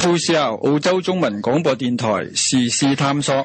澳視澳洲中文廣播電台，時事探索。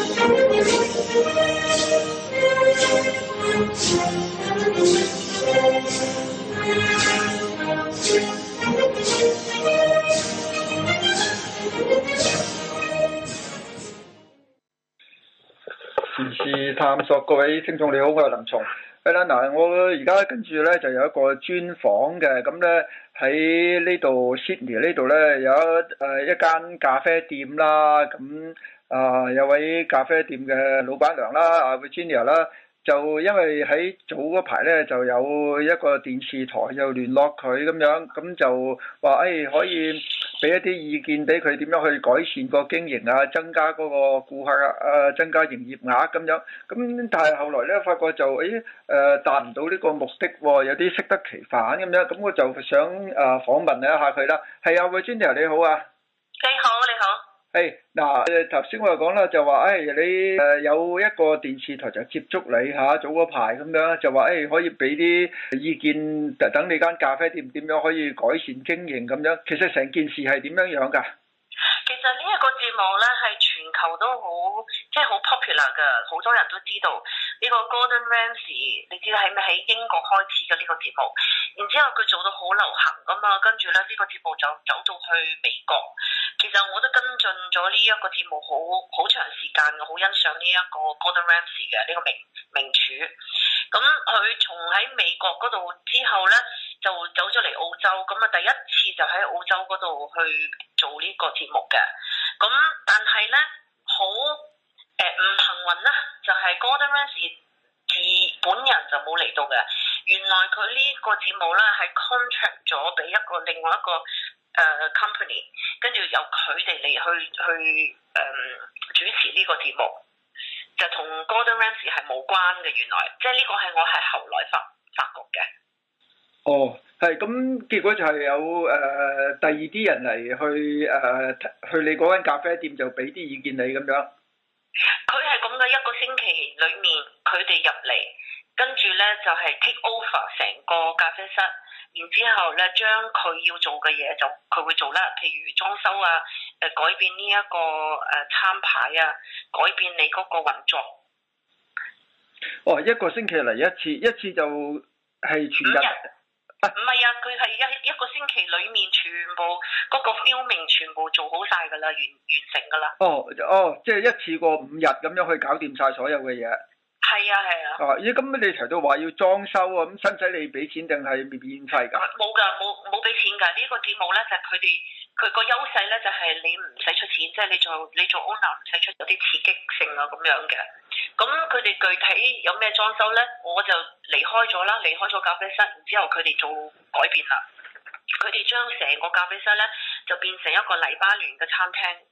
.時事探索，各位聽眾你好，我係林松。係、哎、啦，嗱，我而家跟住咧就有一個專訪嘅，咁咧喺呢度 Sydney 呢度咧有一誒、呃、一間咖啡店啦，咁啊、呃、有位咖啡店嘅老闆娘啦，啊 Virginia 啦，就因為喺早嗰排咧就有一個電視台又聯絡佢咁樣，咁就話誒、哎、可以。俾一啲意見俾佢點樣去改善個經營啊，增加嗰個顧客啊，增加營業額咁樣。咁但係後來咧，發覺就誒誒、哎、達唔到呢個目的喎，有啲適得其反咁樣。咁我就想啊訪問你一下佢啦。係啊 v i n t 你好啊。你好，你好。誒，嗱、哎，誒，頭先我講啦，就話，誒、哎，你誒有一個電視台就接觸你吓，早排咁樣，就話，誒、哎，可以俾啲意見，等你間咖啡店點樣可以改善經營咁樣。其實成件事係點樣樣噶？其實呢一個節目咧，係全球都好，即係好 popular 噶，好多人都知道。呢個 Gordon Ramsay 你知道係咪喺英國開始嘅呢個節目？然之後佢做到好流行噶嘛，跟住咧呢個節目就走，走到去美國。其實我都跟進咗呢一個節目，好好長時間，我好欣賞呢一個 Gordon Ramsay、這、嘅呢個名名廚。咁佢從喺美國嗰度之後咧，就走咗嚟澳洲。咁、嗯、啊，第一次就喺澳洲嗰度去做個節、嗯、呢個節目嘅。咁但係咧，好～誒唔、呃、幸運啦，就係、是、Gordon Ramsay 自本人就冇嚟到嘅。原來佢呢個節目咧係 contract 咗俾一個另外一個誒、呃、company，跟住由佢哋嚟去去誒、呃、主持呢個節目，就同 Gordon Ramsay 係冇關嘅。原來，即係呢個係我係後來發發覺嘅。哦，係咁，結果就係有誒、呃、第二啲人嚟去誒、呃、去你嗰間咖啡店，就俾啲意見你咁樣。佢係咁嘅一個星期裏面，佢哋入嚟，跟住呢，就係、是、take over 成個咖啡室，然之後呢，將佢要做嘅嘢就佢會做啦，譬如裝修啊，誒、呃、改變呢一個誒餐牌啊，改變你嗰個運作。哦，一個星期嚟一次，一次就係全日。唔係啊，佢係一一個星期裏面，全部嗰個 filming 全部做好晒噶啦，完完成噶啦。哦哦，即係一次過五日咁樣去搞掂晒所有嘅嘢。係啊係啊！啊，咦、啊？咁你提到話要裝修啊？咁使唔使你俾錢定係免費噶？冇噶，冇冇俾錢噶。這個、節呢個節目咧，就係佢哋佢個優勢咧，就係、是、你唔使出錢，即、就、係、是、你做你做 owner 唔使出有啲刺激性啊咁樣嘅。咁佢哋具體有咩裝修咧？我就離開咗啦，離開咗咖啡室，然之後佢哋做改變啦。佢哋將成個咖啡室咧，就變成一個黎巴嫩嘅餐廳。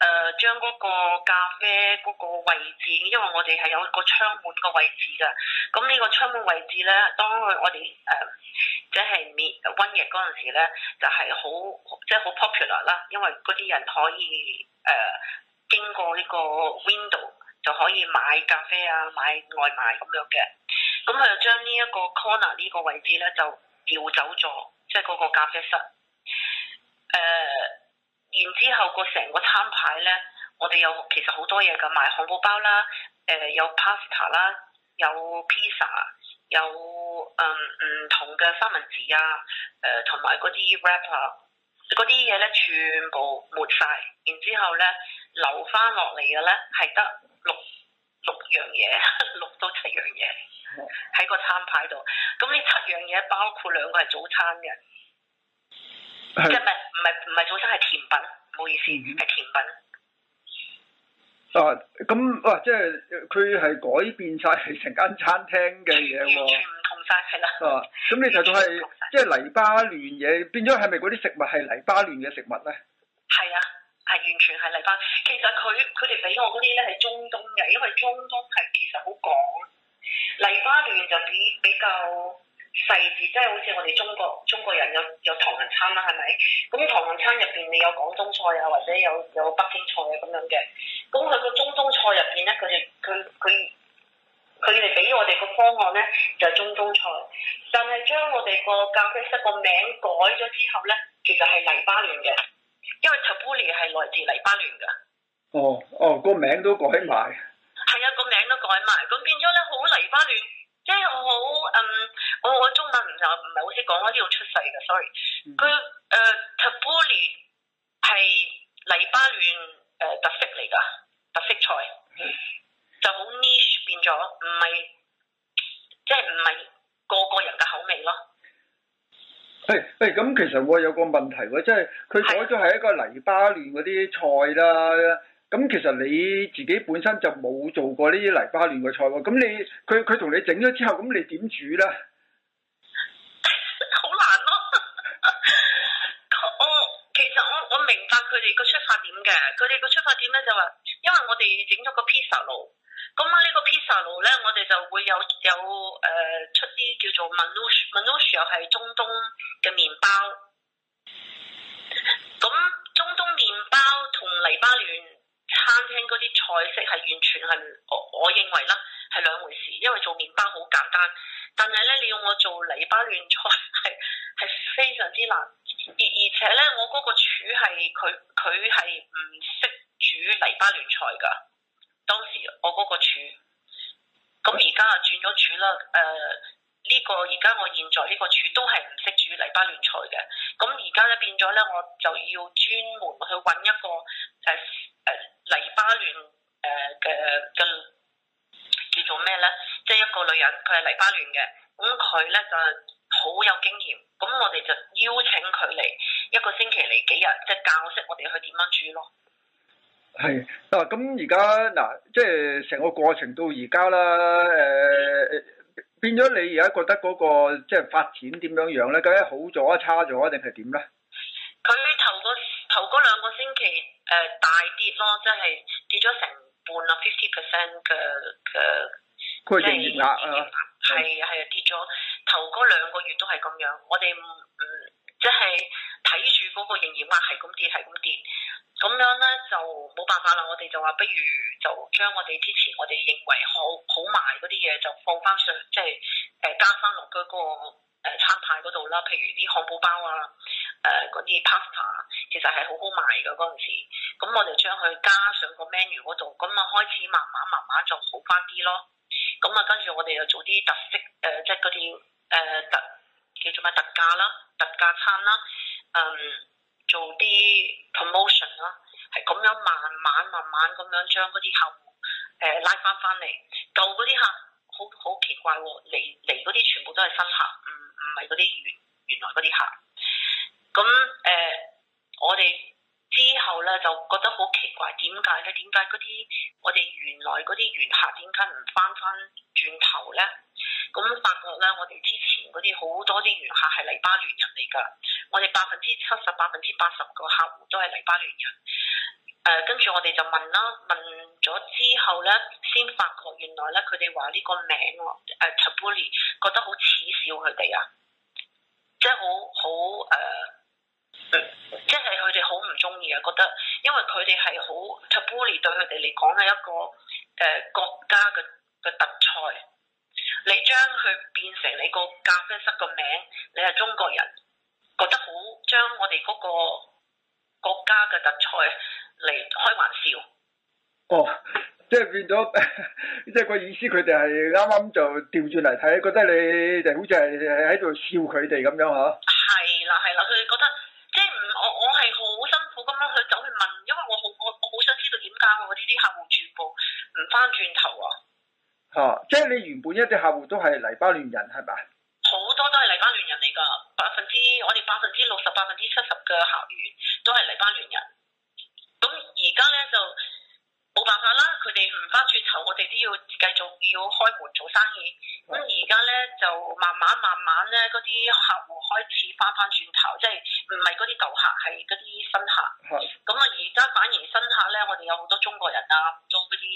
誒、呃、將嗰個咖啡嗰個位置，因為我哋係有個窗門個位置嘅。咁呢個窗門位置咧，當佢我哋誒、呃、即係滅瘟疫嗰陣時咧，就係、是、好即係好 popular 啦。因為嗰啲人可以誒、呃、經過呢個 window 就可以買咖啡啊，買外賣咁樣嘅。咁佢就將呢一個 corner 呢個位置咧就調走咗，即係嗰個咖啡室誒。呃然之後個成個餐牌咧，我哋有其實好多嘢噶，賣漢堡包啦，誒、呃、有 pasta 啦，有 pizza，有誒唔、呃、同嘅三文治啊，誒同埋嗰啲 wrap 啊，嗰啲嘢咧全部抹晒。然之後咧留翻落嚟嘅咧係得六六樣嘢，六到七樣嘢喺個餐牌度。咁呢七樣嘢包括兩個係早餐嘅。即係唔係唔係早餐，係甜品，唔好意思，係、嗯、哼甜品。啊，咁哇，即係佢係改變晒成間餐廳嘅嘢喎。完全唔同晒，係啦。咁、啊、你就到係，即係黎巴嫩嘢、嗯、變咗係咪嗰啲食物係黎巴嫩嘅食物咧？係啊，係完全係黎巴嫩。其實佢佢哋俾我嗰啲咧係中東嘅，因為中東係其實好廣，黎巴嫩就比比較。細字真係好似我哋中國中國人有有唐人餐啦，係咪？咁唐人餐入邊你有廣東菜啊，或者有有北京菜啊咁樣嘅。咁佢個中東菜入邊咧，佢哋佢佢佢哋俾我哋個方案咧就係中東菜，但係將我哋個咖啡室個名改咗之後咧，其實係黎巴嫩嘅，因為 Tabouli 係來自黎巴嫩噶。哦哦，個名都改埋。係啊，個名都改埋，咁變咗咧好黎巴嫩。即係好嗯，我我中文唔就唔係好識講，我喺度出世嘅，sorry。佢誒塔布利係黎巴嫩誒特色嚟㗎，特色菜就好 niche 變咗，唔係即係唔係個個人嘅口味咯。誒誒，咁其實我有個問題喎，即係佢改咗係一個黎巴嫩嗰啲菜啦。咁其實你自己本身就冇做過呢啲黎巴嫩嘅菜喎，咁你佢佢同你整咗之後，咁你點煮咧？好難咯！我其實我我明白佢哋個出發點嘅，佢哋個出發點咧就話，因為我哋整咗個披薩爐，咁啊呢個披薩爐咧，我哋就會有有誒、呃、出啲叫做 Manousha，Manousha，又係中東嘅麵包。咁中東麵包同黎巴嫩。餐廳嗰啲菜式係完全係我我認為啦，係兩回事。因為做麵包好簡單，但係咧你要我做黎巴嫩菜係係非常之難，而而且咧我嗰個廚係佢佢係唔識煮黎巴嫩菜㗎。當時我嗰個廚，咁而家啊轉咗廚啦。誒、呃、呢、這個而家我現在呢個廚都係唔識煮黎巴嫩菜嘅。咁而家咧變咗咧，我就要專門去揾一個誒誒。呃黎巴嫩誒嘅嘅叫做咩咧？即係一個女人，佢係黎巴嫩嘅，咁佢咧就好有經驗。咁我哋就邀請佢嚟一個星期嚟幾日，即係教識我哋去點樣煮咯。係啊，咁而家嗱，即係成個過程到而家啦，誒、呃、變咗你而家覺得嗰、嗰個即係發展點樣樣咧？究竟好咗、差咗定係點咧？佢頭個。頭嗰兩個星期誒、呃、大跌咯，即係跌咗成半啊 fifty percent 嘅嘅即係營業額啊，係係跌咗。頭嗰兩個月都係咁樣，我哋唔唔即係睇住嗰個營業額係咁跌係咁跌，咁樣咧就冇辦法啦。我哋就話不如就將我哋之前我哋認為好好賣嗰啲嘢，就放翻上，即係誒、呃、加翻落嗰個。誒、呃，餐牌嗰度啦，譬如啲漢堡包啊，誒、呃，嗰啲 pasta，其實係好好賣噶嗰陣時，咁我哋將佢加上個 menu 嗰度，咁啊開始慢慢慢慢就好翻啲咯，咁啊跟住我哋又做啲特色，誒、呃，即係嗰啲誒特叫做咩特價啦，特價餐啦，嗯，做啲 promotion 啦，係咁樣慢慢慢慢咁樣將嗰啲客誒拉翻翻嚟，舊嗰啲客好好奇怪、哦，嚟嚟嗰啲全部都係新客，嗯。唔係嗰啲原原來嗰啲客，咁誒、呃，我哋之後咧就覺得好奇怪，點解咧？點解嗰啲我哋原來嗰啲原客點解唔翻返轉頭咧？咁發覺咧，我哋之前嗰啲好多啲原客係黎巴嫩人嚟㗎，我哋百分之七十、百分之八十個客戶都係黎巴嫩人。誒、呃，跟住我哋就問啦，問咗之後咧，先發覺原來咧佢哋話呢個名喎、呃，Tabouly 覺得好恥笑佢哋啊，即係好好誒，即係佢哋好唔中意啊，覺得因為佢哋係好 Tabouly 對佢哋嚟講係一個誒、呃、國家嘅嘅特菜。你將佢變成你個咖啡室個名，你係中國人，覺得好將我哋嗰個國家嘅特菜嚟開玩笑。哦，即係變咗，即係個意思，佢哋係啱啱就調轉嚟睇，覺得你就好似係喺度笑佢哋咁樣吓？係啦係啦，佢哋覺得即係唔，我我係好辛苦咁樣去走去問，因為我好我我好想知道點解我呢啲客戶全部唔翻轉頭啊！哦、啊，即係你原本一啲客戶都係黎巴嫩人，係咪？好多都係黎巴嫩人嚟噶，百分之我哋百分之六十百分之七十嘅客源都係黎巴嫩人。咁而家咧就冇辦法啦，佢哋唔翻轉頭，我哋都要繼續要開門做生意。咁而家咧就慢慢慢慢咧，嗰啲客戶開始翻翻轉頭，即係唔係嗰啲舊客，係嗰啲新客。咁啊是，而家反而新客咧，我哋有好多中國人啊，做嗰啲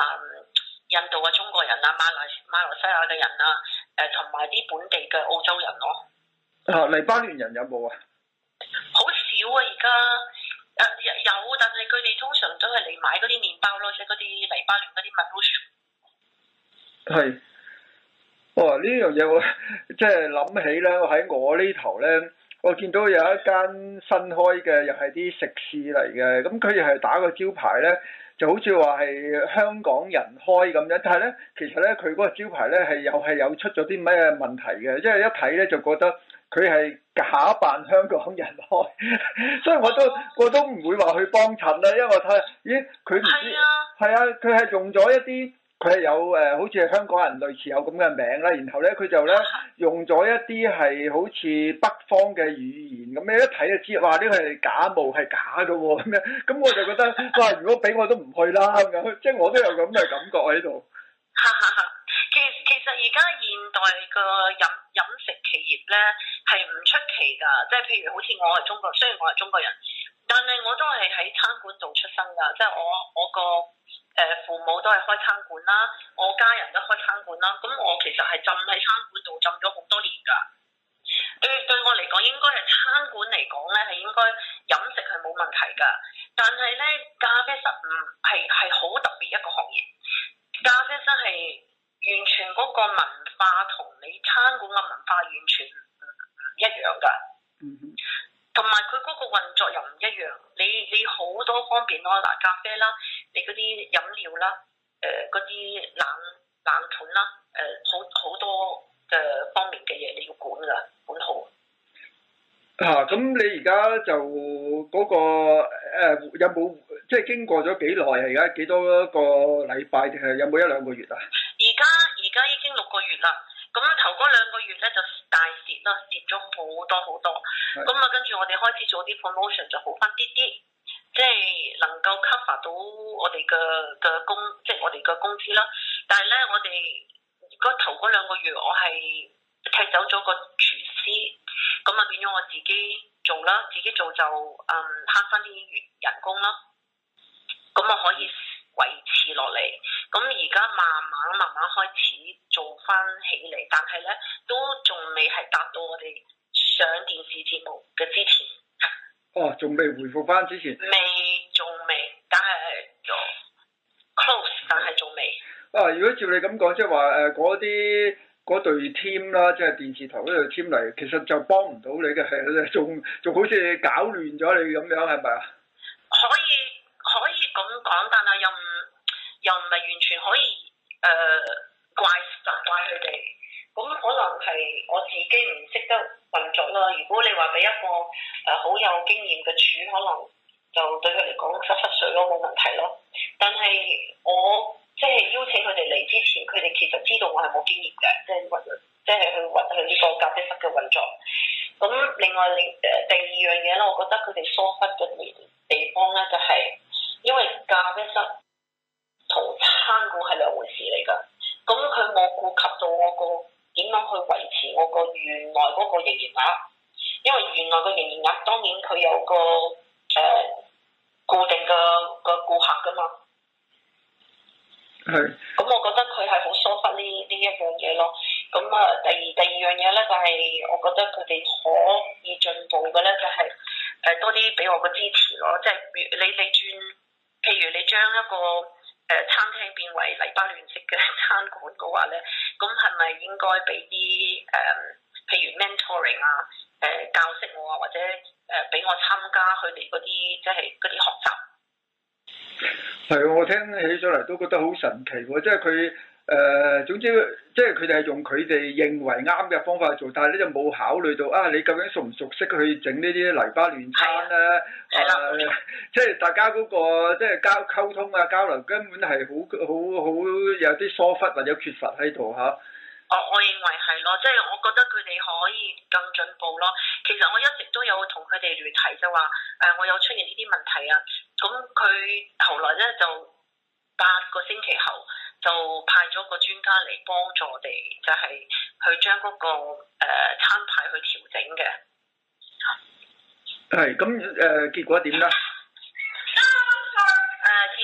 啊。嗯印度啊，中國人啊，馬來馬來西亞嘅人啊，誒同埋啲本地嘅澳洲人咯。啊，黎巴嫩人有冇啊？好少啊！而家誒有，但係佢哋通常都係嚟買嗰啲麵包咯，即係嗰啲黎巴嫩嗰啲 Malouche 係。哇、呢樣嘢我即係諗起咧，喺我呢頭咧，我見到有一間新開嘅又係啲食肆嚟嘅，咁佢又係打個招牌咧。就好似話係香港人開咁樣，但係咧，其實咧，佢嗰個招牌咧係又係有出咗啲咩問題嘅，即係一睇咧就覺得佢係假扮香港人開， 所以我都我都唔會話去幫襯啦，因為我睇，咦，佢唔知，係是啊，啊，佢係用咗一啲。佢有誒，好似係香港人類似有咁嘅名啦，然後咧佢就咧用咗一啲係好似北方嘅語言，咁你一睇就知話呢個係假冒係假嘅喎，咁樣咁我就覺得，佢話如果俾我都唔去啦咁、嗯嗯就是、樣，即係我都有咁嘅感覺喺度。其 其實而家現代嘅飲飲食企業咧係唔出奇㗎，即係譬如好似我係中國，雖然我係中國人，但係我都係喺餐館度出生㗎，即係我我個。誒，父母都係開餐館啦，我家人都開餐館啦，咁我其實係浸喺餐館度浸咗好多年噶。對，對我嚟講，應該係餐館嚟講咧，係應該飲食係冇問題噶。但係咧，咖啡室唔係，係好特別一個行業，咖啡室係完全嗰個文化同你餐館嘅文化完全唔唔一樣噶。嗯同埋佢嗰個運作又唔一樣，你你好多方面咯，嗱、啊、咖啡啦，你嗰啲飲料啦，誒嗰啲冷冷盤啦，誒、呃、好好多嘅方面嘅嘢你要管㗎，管好。嚇、啊！咁你而家就嗰、嗰個、呃、有冇即係經過咗幾耐啊？而家幾多個禮拜定係有冇一兩個月啊？而家而家已經六個月啦。咁頭嗰兩個月咧就大蝕咯，蝕咗好多好多。咁啊的，跟住我哋開始做啲 promotion 就好翻啲啲，即係能夠 cover 到我哋嘅嘅工，即係我哋嘅工資啦。但係咧，我哋嗰頭嗰兩個月，我係踢走咗個廚師，咁啊變咗我自己做啦，自己做就嗯慳翻啲月人工啦。咁我可以。維持落嚟，咁而家慢慢慢慢開始做翻起嚟，但係咧都仲未係達到我哋上電視節目嘅之前。哦，仲未回復翻之前？未，仲未，但係做 close，但係仲未。啊，如果照你咁講，即係話誒，嗰啲嗰隊 team 啦，te am, 即係電視台嗰隊 team 嚟，其實就幫唔到你嘅，係仲仲好似搞亂咗你咁樣，係咪啊？可以。可以咁講，但係又唔又唔係完全可以誒、呃、怪責怪佢哋。咁可能係我自己唔識得運作啦。如果你話俾一個誒、呃、好有經驗嘅處，可能就對佢嚟講濕濕碎咯，冇問題咯。但係我即係、就是、邀請佢哋嚟之前，佢哋其實知道我係冇經驗嘅，即、就、係、是、運即係、就是、去運去呢個隔離室嘅運作。咁另外另誒、呃、第二樣嘢咧，我覺得佢哋疏忽嘅地地方咧、就是，就係。因為咖啡室同餐館係兩回事嚟㗎，咁佢冇顧及到我個點樣去維持我個原來嗰個營業額，因為原來個營業額當然佢有個誒、呃、固定嘅嘅顧客㗎嘛。係是。咁、嗯、我覺得佢係好疏忽呢呢一樣嘢咯。咁、嗯、啊，第二第二樣嘢咧就係、是、我覺得佢哋可以進步嘅咧就係、是、誒、呃、多啲俾我個支持咯，即係你你轉。譬如你將一個誒、呃、餐廳變為黎巴嫩式嘅餐館嘅話咧，咁係咪應該俾啲誒，譬、呃、如 mentoring 啊，誒、呃、教識我啊，或者誒俾、呃、我參加佢哋嗰啲即係嗰啲學習？係我聽起咗嚟都覺得好神奇喎，即係佢。誒、呃，總之即係佢哋係用佢哋認為啱嘅方法去做，但係咧就冇考慮到啊！你究竟熟唔熟悉去整呢啲黎巴嫩餐咧？係啦、那個，即係大家嗰個即係交溝通啊、交流，根本係好好好有啲疏忽或、啊、者缺乏喺度嚇。我、啊哦、我認為係咯，即係我覺得佢哋可以更進步咯。其實我一直都有同佢哋聯繫，就話誒，我有出現呢啲問題啊。咁佢後來咧就八個星期後，就派咗個專家嚟幫助我哋，就係、是、去將嗰、那個誒、呃、餐牌去調整嘅。係，咁誒、呃、結果點咧？誒、呃、結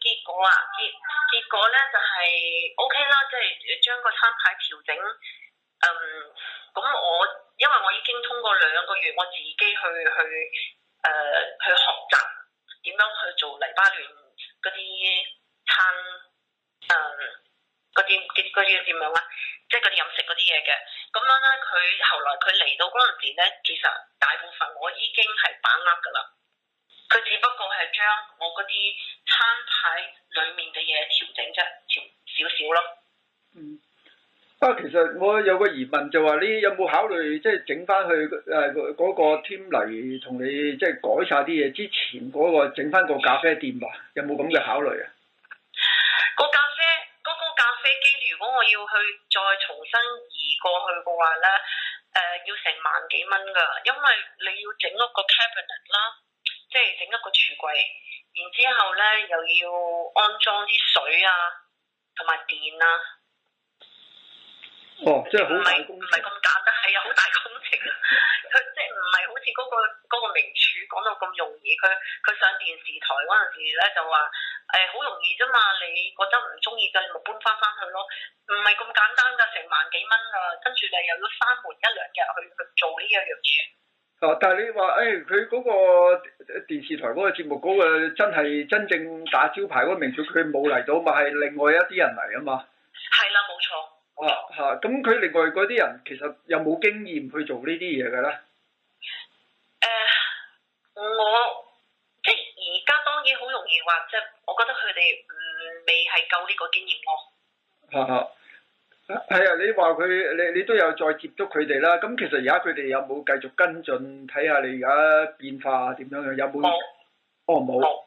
結果啊結結果咧就係 OK 啦，即、okay、係、就是、將個餐牌調整。嗯，咁我因為我已經通過兩個月，我自己去去誒去、呃、去學習點樣去做黎巴嫩嗰啲餐。誒，嗰啲嗰啲點樣啊？即係嗰啲飲食嗰啲嘢嘅，咁樣咧，佢後來佢嚟到嗰陣時咧，其實大部分我已經係把握噶啦，佢只不過係將我嗰啲餐牌裏面嘅嘢調整啫，調少少咯。嗯，啊，其實我有個疑問就話，你有冇考慮即係整翻去誒嗰個 team 嚟同你即係、就是、改晒啲嘢之前嗰、嗰個整翻個咖啡店啊？有冇咁嘅考慮啊？嗯那個我要去再重新移過去嘅話咧，誒、呃、要成萬幾蚊㗎，因為你要整一個 cabinet 啦，即係整一個櫥櫃，然之後咧又要安裝啲水啊，同埋電啊。哦，即係好大工程。唔係咁簡單，係啊，好大工程啊。 係好似嗰、嗰個、嗰個名廚講到咁容易，佢佢上電視台嗰陣時咧就話，誒、欸、好容易啫嘛，你覺得唔中意就咪搬翻翻去咯，唔係咁簡單噶，成萬幾蚊啊，跟住咧又要閂門一兩日去去做呢一樣嘢。哦、啊，但係你話誒，佢、哎、嗰個電視台嗰個節目嗰、嗰個真係真正打招牌嗰個名廚，佢冇嚟到，咪係另外一啲人嚟啊嘛。係啦，冇錯。哦、啊、吓、啊，咁佢另外嗰啲人其實又冇經驗去做呢啲嘢嘅咧。我即係而家，當然好容易話，即係我覺得佢哋唔未係夠呢個經驗咯。吓吓，係啊，你話佢你你都有再接觸佢哋啦。咁其實而家佢哋有冇繼續跟進，睇下你而家變化點樣嘅？有冇？冇。哦，冇。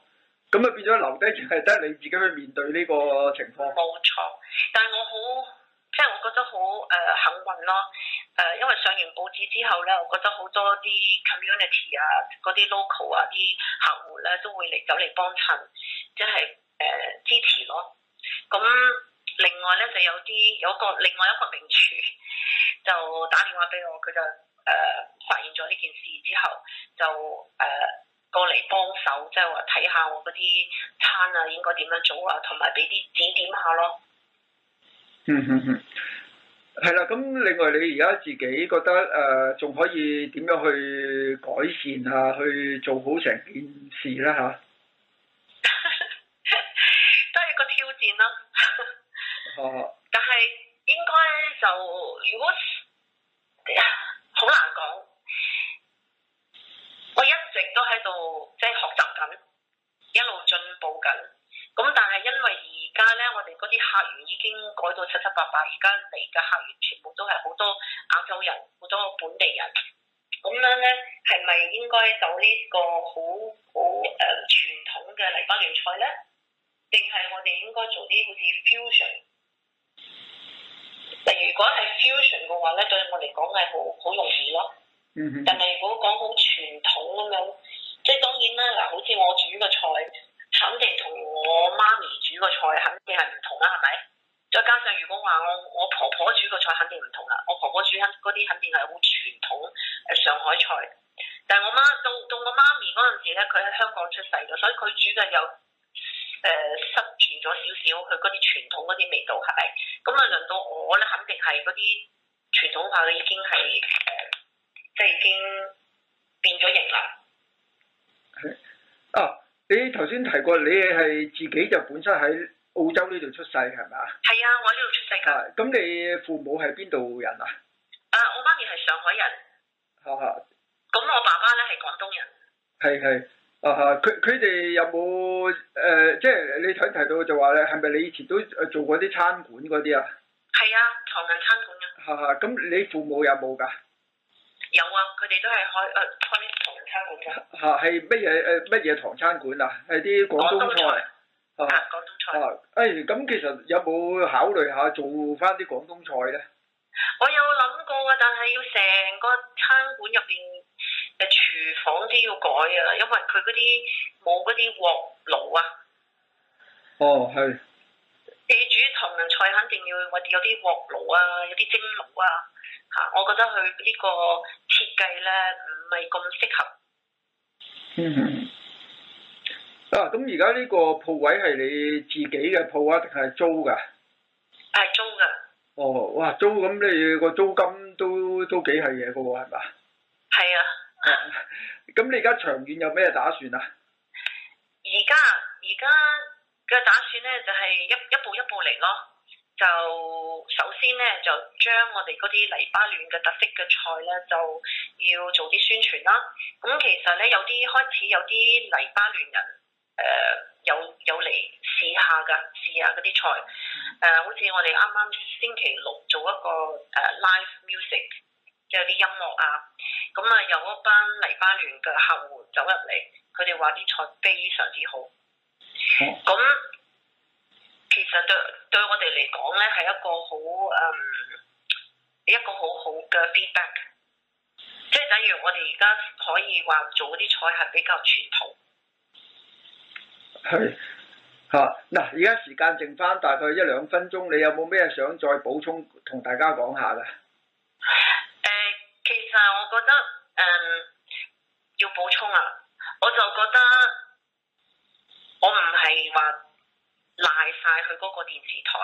咁啊有，變咗留低就係得你自己去面對呢個情況。冇錯，但係我好，即係我覺得好誒，幸運咯。誒，因為上完報紙之後咧，我覺得好多啲 community 啊，嗰啲 local 啊啲客戶咧、啊，都會嚟走嚟幫襯，即係誒、呃、支持咯。咁另外咧就有啲有個另外一個名廚，就打電話俾我，佢就誒、呃、發現咗呢件事之後，就誒、呃、過嚟幫手，即係話睇下我嗰啲餐啊應該點樣做啊，同埋俾啲指點，點，點下咯。嗯嗯嗯。係啦，咁另外你而家自己覺得誒，仲、呃、可以點樣去改善啊？去做好成件事啦？吓， 都係個挑戰啦、啊。哦， 啊、但係應該就如果好難講，我一直都喺度即係學習緊，一路進步緊。咁但係因為而家咧，我哋嗰啲客源已經改到七七八八，而家嚟嘅客源全部都係好多亞洲人，好多本地人。咁樣咧，係咪應該就呢個好好誒傳統嘅黎巴嫩菜咧？定係我哋應該做啲好似 fusion？嗱、呃，如果係 fusion 嘅話咧，對我嚟講係好好容易咯。嗯，但係如果講好傳統咁樣，即係當然啦。嗱，好似我煮嘅菜。肯定同我媽咪煮個菜肯定係唔同啦，係咪？再加上如果話我我婆婆煮個菜肯定唔同啦，我婆婆煮嗰啲肯定係好傳統誒上海菜。但係我媽到到我媽咪嗰陣時咧，佢喺香港出世咗，所以佢煮嘅又誒失傳咗少少，佢嗰啲傳統嗰啲味道係咪？咁啊輪到我咧，肯定係嗰啲傳統化嘅，已經係即係已經變咗形啦。係、oh. 你頭先提過你係自己就本身喺澳洲呢度出世係咪？係啊，我喺呢度出世噶。咁、啊、你父母係邊度人啊？誒、啊，我媽咪係上海人。吓吓、啊。咁我爸爸咧係廣東人。係係、啊。啊吓，佢佢哋有冇誒、呃？即係你頭先提到就話咧，係咪你以前都誒做過啲餐館嗰啲啊？係啊，唐人餐館啊。吓吓、啊，咁你父母有冇噶？有啊，佢哋都係開誒開。呃嚇？係乜嘢誒？乜嘢、啊啊、唐餐館啊？係啲廣東菜，東菜啊！啊，廣東菜啊！咁、哎，其實有冇考慮下做翻啲廣東菜咧？我有諗過啊，但係要成個餐館入邊嘅廚房都要改啊，因為佢嗰啲冇嗰啲鑊爐啊。哦，係。你煮唐人菜肯定要有啲鑊爐啊，有啲蒸爐啊。嚇、啊，我覺得佢呢個設計咧唔係咁適合。嗯，mm hmm. 啊，咁而家呢個鋪位係你自己嘅鋪啊，定係租噶？係租噶。哦，哇，租咁你個租金都都幾係嘢個喎，係嘛？係啊。咁、啊、你而家長遠有咩打算啊？而家而家嘅打算咧，就係一一步一步嚟咯。就首先咧，就將我哋嗰啲黎巴嫩嘅特色嘅菜咧，就要做啲宣傳啦。咁其實咧，有啲開始有啲黎巴嫩人誒、呃，有有嚟試下㗎，試下嗰啲菜。誒、呃，好似我哋啱啱星期六做一個誒、呃、live music 即係啲音樂啊，咁啊有嗰班黎巴嫩嘅客戶走入嚟，佢哋話啲菜非常之好，咁好。其實對對我哋嚟講咧，係一個好誒、嗯，一個好好嘅 feedback。即係等如，我哋而家可以話做啲菜係比較傳統。係，吓、啊、嗱，而家時間剩返大概一兩分鐘，你有冇咩想再補充同大家講下呢？誒、呃，其實我覺得誒、呃、要補充啊，我就覺得我唔係話。賴晒佢嗰個電視台，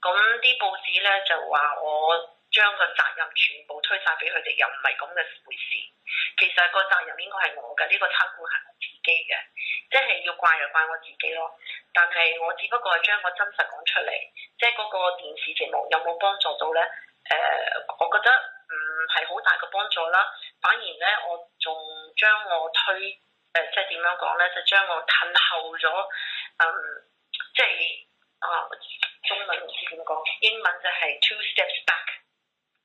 咁啲報紙咧就話我將個責任全部推晒俾佢哋，又唔係咁嘅回事。其實個責任應該係我嘅，呢、這個餐館係我自己嘅，即係要怪就怪我自己咯。但係我只不過係將個真實講出嚟，即係嗰個電視節目有冇幫助到咧？誒、呃，我覺得唔係好大嘅幫助啦。反而咧，我仲將我推誒、呃，即係點樣講咧？就將我褪後咗，嗯、呃。即係啊，中文老師點講，英文就係 two steps back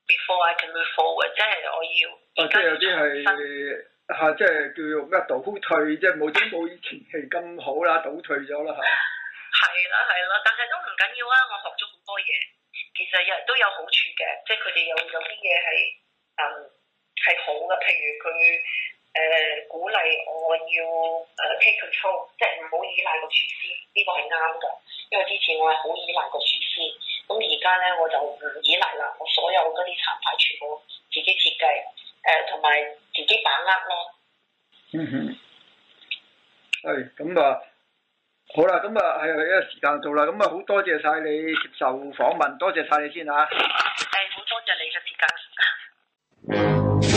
before I can move forward，即係我要跟翻。嚇，即係叫做倒退，即係冇冇以前係咁好啦，倒退咗啦嚇。係啦係啦，但係都唔緊要啊！我學咗好多嘢，其實亦都有好處嘅，即係佢哋有有啲嘢係嗯係好嘅，譬如佢。誒、呃、鼓勵我要誒、呃、take control，即係唔好依賴個廚師，呢、這個係啱㗎。因為之前我係好依賴個廚師，咁而家咧我就唔依賴啦，我所有嗰啲餐牌全部自己設計，誒同埋自己把握咯。嗯哼。係， 咁啊，好啦，咁啊係啊，時間到啦，咁啊好多謝晒你接受訪問，多謝晒你先嚇。誒、哎，好多謝你嘅時間。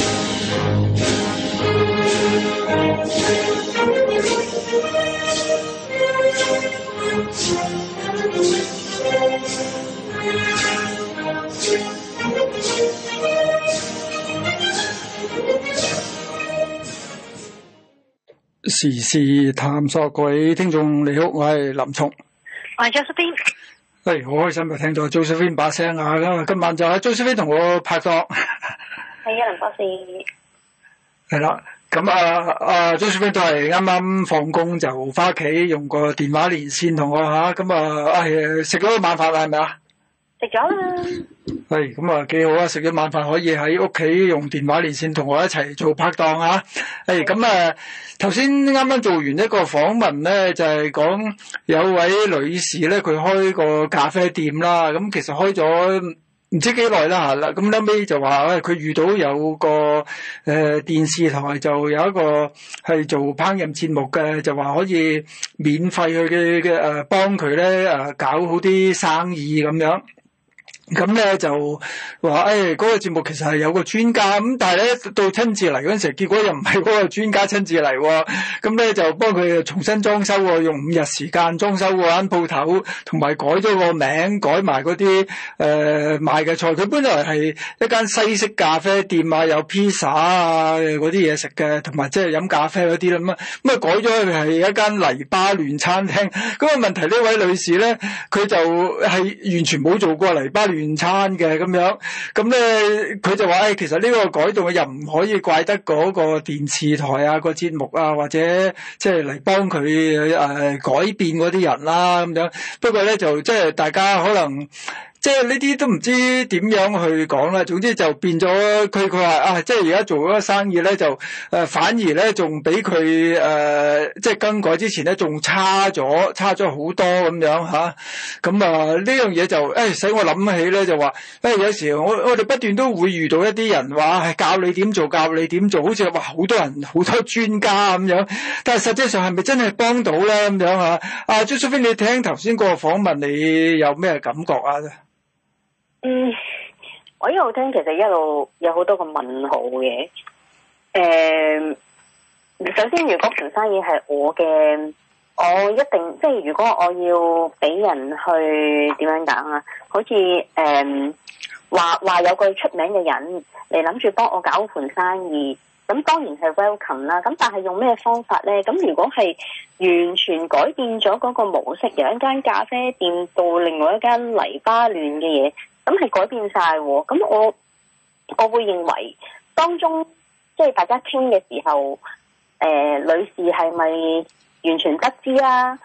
時事探索鬼，各位聽眾，你好，我係林聰。我係 Josephine，係，好、hey, 開心就聽到 Josephine 把聲啊！今晚就係 Josephine 同我拍檔。係啊，林博士。係啦。咁啊、嗯、啊，張小芬都係啱啱放工就翻屋企，用個電話連線同我嚇。咁啊，阿爺食咗晚飯啦，係咪、嗯、啊？食咗啦。係咁啊，幾好啊！食咗晚飯可以喺屋企用電話連線同我一齊做拍檔嚇。係咁啊，頭先啱啱做完一個訪問咧，就係、是、講有位女士咧，佢開個咖啡店啦。咁、嗯、其實開咗。唔知幾耐啦吓啦，咁後屘就話，誒，佢遇到有個誒、呃、電視台，就有一個係做烹飪節目嘅，就話可以免費去嘅嘅誒幫佢咧誒搞好啲生意咁樣。咁咧、嗯、就話誒、哎，那個節目其實係有個專家咁，但係咧到親自嚟陣時，結果又唔係個專家親自嚟喎。咁、嗯、咧、嗯、就幫佢重新裝修，用五日時間裝修間鋪頭，同埋改咗個名，改埋啲誒賣嘅菜。佢本來係一間西式咖啡店啊，有披薩啊啲嘢食嘅，同埋即係飲咖啡啲啦。咁啊，咁啊改咗係一間黎巴嫩餐廳咁啊，問題呢位女士咧，佢就係完全冇做過黎巴嫩。全餐嘅咁樣，咁咧佢就話：，誒、哎，其實呢個改動又唔可以怪得嗰個電視台啊，個節目啊，或者即係嚟幫佢誒、呃、改變嗰啲人啦、啊、咁樣。不過咧，就即係大家可能。即係呢啲都唔知點樣去講啦。總之就變咗佢，佢話啊，即係而家做嗰個生意咧，就誒、呃、反而咧仲比佢誒、呃、即係更改之前咧仲差咗，差咗好多咁樣嚇。咁啊呢樣嘢就誒、哎、使我諗起咧，就話誒、哎、有時我我哋不斷都會遇到一啲人話教你點做，教你點做好似話好多人好多專家咁樣，但係實際上係咪真係幫到咧咁樣嚇？啊 Josephine 你聽頭先嗰個訪問，你有咩感覺啊？嗯，我一路聽其實一路有好多個問號嘅。誒、嗯，首先如果盤生意係我嘅，我一定即係如果我要俾人去點樣講啊？好似誒，話、嗯、話有個出名嘅人嚟諗住幫我搞盤生意，咁當然係 welcome 啦。咁但係用咩方法咧？咁如果係完全改變咗嗰個模式，由一間咖啡店到另外一間黎巴嫩嘅嘢。咁係改變晒，咁我我會認為當中即係大家傾嘅時候，誒、呃、女士係咪完全得知啊？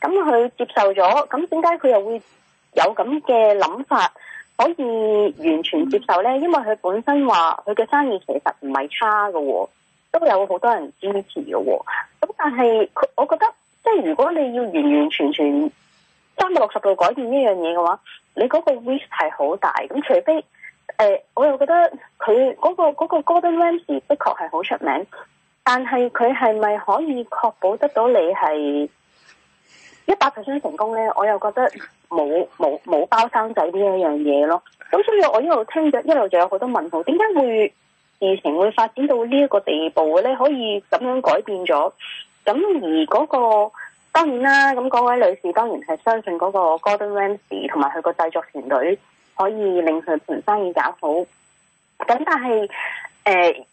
咁佢接受咗，咁點解佢又會有咁嘅諗法可以完全接受呢？因為佢本身話佢嘅生意其實唔係差嘅，都有好多人支持嘅。咁但係佢我覺得，即係如果你要完完全全三百六十度改變呢樣嘢嘅話，你嗰個 risk 係好大，咁除非誒我又覺得佢嗰個嗰個 Gordon Ramsay 的確係好出名，但係佢係咪可以確保得到你係一百 percent 成功咧？我又覺得冇冇冇包生仔呢一樣嘢咯。咁所以我一路聽咗一路就有好多問號，點解會事情會發展到呢一個地步嘅咧？可以咁樣改變咗，咁而嗰個。當然啦，咁嗰位女士當然係相信嗰個 Gordon Ramsay 同埋佢個製作團隊可以令佢盤生意搞好。咁但係誒，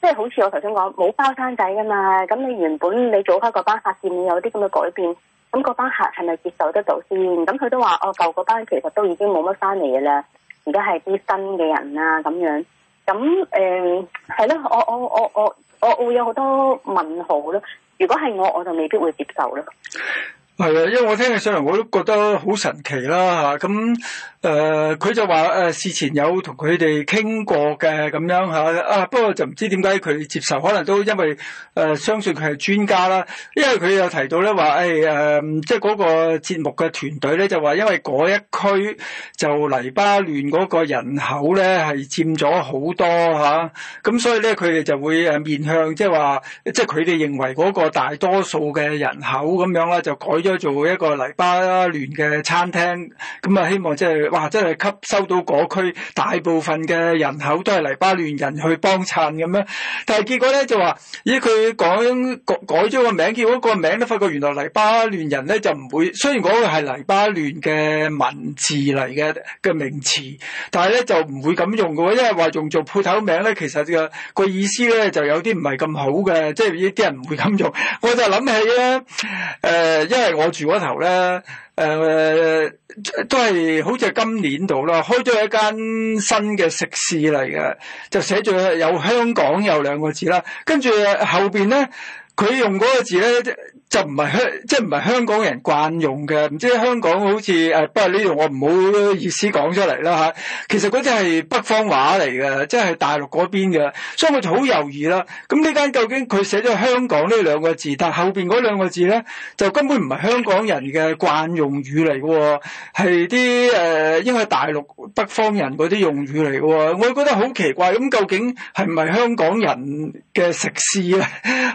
即係好似我頭先講，冇包生仔㗎嘛。咁你原本你早開嗰班客店有啲咁嘅改變，咁嗰班客係咪接受得到先？咁佢都話，我舊嗰班其實都已經冇乜翻嚟嘅啦，而家係啲新嘅人啊咁樣。咁誒，係咯，我我我我我會有好多問號咯。如果係我，我就未必會接受咯。係啊，因為我聽起上嚟，我都覺得好神奇啦吓，咁誒佢就話誒、啊、事前有同佢哋傾過嘅咁樣吓啊，啊，不過就唔知點解佢接受，可能都因為誒、呃、相信佢係專家啦。因為佢有提到咧話誒誒即係嗰個節目嘅團隊咧就話因為嗰一區就黎巴嫩個人口咧係佔咗好多吓咁、啊、所以咧佢哋就會誒面向即係話即係佢哋認為嗰個大多數嘅人口咁樣啦，就改。做一個黎巴嫩嘅餐廳，咁、嗯、啊希望即、就、係、是、哇，真係吸收到嗰區大部分嘅人口都係黎巴嫩人去幫襯咁樣。但係結果咧就話，咦，佢改改咗個名，叫嗰個名都發覺原來黎巴嫩人咧就唔會，雖然嗰個係黎巴嫩嘅文字嚟嘅嘅名詞，但係咧就唔會咁用嘅，因為話用做鋪頭名咧，其實個意思咧就有啲唔係咁好嘅，即係呢啲人唔會咁用。我就諗起咧，誒、呃，因為。我住嗰頭咧，誒、呃、都係好似係今年度啦，開咗一間新嘅食肆嚟嘅，就寫住有香港有兩個字啦，跟住後邊咧，佢用嗰個字咧。就唔係香，即係唔係香港人慣用嘅，唔知香港好似誒，啊、不過呢度我唔好意思講出嚟啦嚇。其實嗰啲係北方話嚟嘅，即係大陸嗰邊嘅，所以我就好猶豫啦。咁呢間究竟佢寫咗香港呢兩個字，但後邊嗰兩個字咧就根本唔係香港人嘅慣用語嚟嘅，係啲誒應該係大陸北方人嗰啲用語嚟嘅喎。我覺得好奇怪，咁究竟係唔係香港人嘅食肆咧？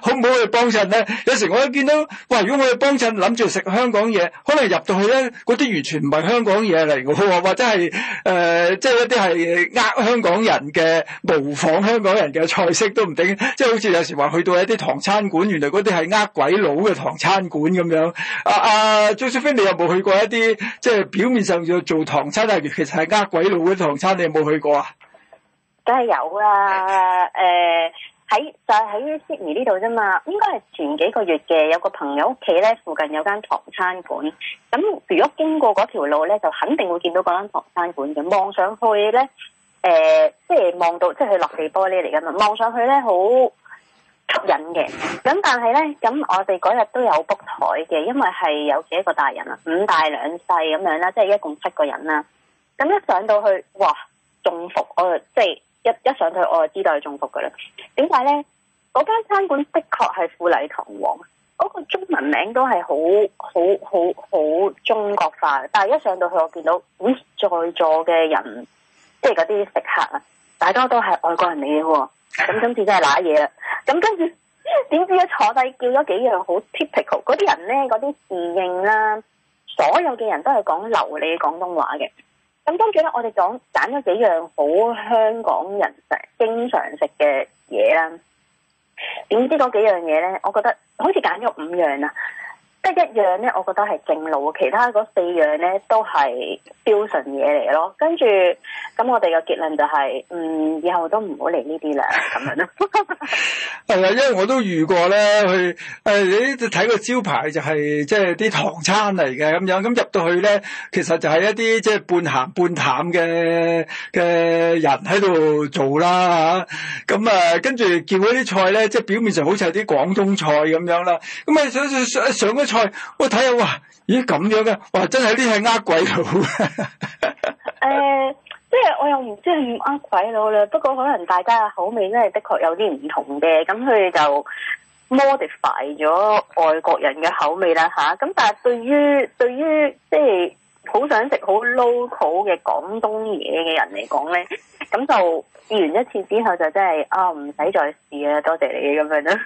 好唔好去幫襯咧？有時我一見到。喂，如果我哋幫襯，諗住食香港嘢，可能入到去咧，嗰啲完全唔係香港嘢嚟嘅，或者係誒，即、呃、係、就是、一啲係呃香港人嘅模仿香港人嘅菜式都唔定，即、就、係、是、好似有時話去到一啲唐餐館，原來嗰啲係呃鬼佬嘅唐餐館咁樣。啊，阿張小菲，ine，你有冇去過一啲即係表面上要做唐餐，但其實係呃鬼佬嗰啲唐餐？你有冇去過啊？梗係有啊。誒。喺就係喺悉尼呢度啫嘛，應該係前幾個月嘅。有個朋友屋企咧，附近有間唐餐館。咁如果經過嗰條路咧，就肯定會見到嗰間唐餐館嘅。望上去咧，誒、呃，即係望到即係落地玻璃嚟㗎嘛。望上去咧，好吸引嘅。咁但係咧，咁我哋嗰日都有 book 台嘅，因為係有幾個大人啊，五大兩細咁樣啦，即係一共七個人啦。咁一上到去，哇！中伏我即係。一一上去我就知道佢中伏噶啦。點解呢？嗰間餐館的確係富麗堂皇，嗰個中文名都係好好好好中國化。但係一上到去，我見到咦，在座嘅人，即係嗰啲食客啊，大多都係外國人嚟嘅，哦，咁今次真係瀨嘢啦。咁跟住，點知一坐低叫咗幾樣好 typical，嗰啲人呢，嗰啲侍應啦，所有嘅人都係講流利廣東話嘅。咁跟住咧，我哋講揀咗幾樣好香港人食、經常食嘅嘢啦。點知嗰幾樣嘢咧，我覺得好似揀咗五樣啊！即係一樣咧，我覺得係正路；其他嗰四樣咧，都係標準嘢嚟咯。跟住咁，我哋嘅結論就係、是，嗯，以後都唔好嚟呢啲啦。咁樣咯。係啊， 因為我都遇過咧，去誒、呃、你睇個招牌就係即係啲唐餐嚟嘅咁樣。咁入到去咧，其實就係一啲即係半鹹半淡嘅嘅人喺度做啦嚇。咁啊，跟住叫嗰啲菜咧，即、就、係、是、表面上好似有啲廣東菜咁樣啦。咁啊，上上上上嗰菜。喂，睇下、哎，哇！咦咁樣嘅、啊，哇！真係呢係呃鬼佬。誒，即係我又唔即係唔呃鬼佬啦。不過可能大家嘅口味咧，的確有啲唔同嘅，咁佢哋就 modify 咗外國人嘅口味啦吓。咁、啊、但係對於對於即係好想食好 local 嘅廣東嘢嘅人嚟講咧，咁就試完一次之後就真係啊唔使再試啦，多謝，謝你咁樣啦。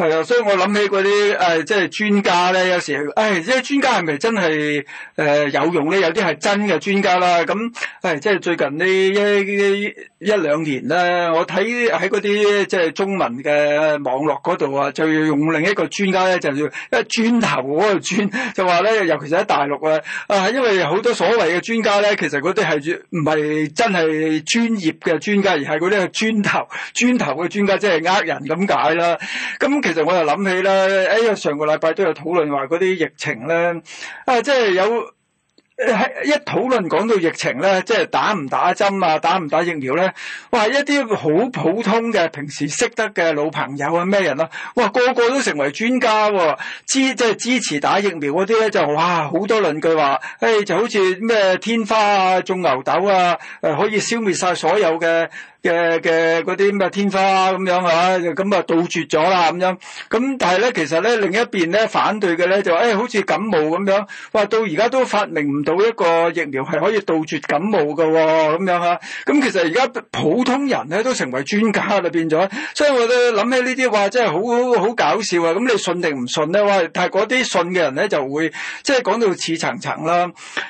係啊，所以我諗起嗰啲誒，即係專家咧、呃，有時誒，即係專家係咪真係誒有用咧？有啲係真嘅專家啦。咁、嗯、誒、哎，即係最近呢一一兩年咧，我睇喺嗰啲即係中文嘅網絡嗰度啊，就要用另一個專家咧，就要一磚頭嗰個磚，就話咧，尤其是喺大陸啊，啊、哎，因為好多所謂嘅專家咧，其實嗰啲係唔係真係專業嘅專家，而係嗰啲係磚頭、磚頭嘅專家，即係呃人咁解啦。咁、嗯。其實我又諗起咧，哎呀，上個禮拜都有討論話嗰啲疫情咧，啊，即係有一討論講到疫情咧，即係打唔打針啊，打唔打疫苗咧？哇，一啲好普通嘅平時識得嘅老朋友啊，咩人啊？哇，個個都成為專家，啊，支即係支持打疫苗嗰啲咧，就哇好多論據話，哎，就好似咩天花啊，種牛痘啊，誒、啊，可以消滅晒所有嘅。嘅嘅嗰啲乜天花咁樣啊，咁啊杜絕咗啦咁樣。咁但係咧，其實咧另一邊咧反對嘅咧就誒、哎、好似感冒咁樣，話到而家都發明唔到一個疫苗係可以杜絕感冒嘅喎、哦，咁樣嚇、啊。咁、啊、其實而家普通人咧都成為專家啦變咗，所以我都諗起呢啲話真係好好搞笑啊！咁、嗯、你信定唔信咧？哇！但係嗰啲信嘅人咧就會即係講到似層層啦。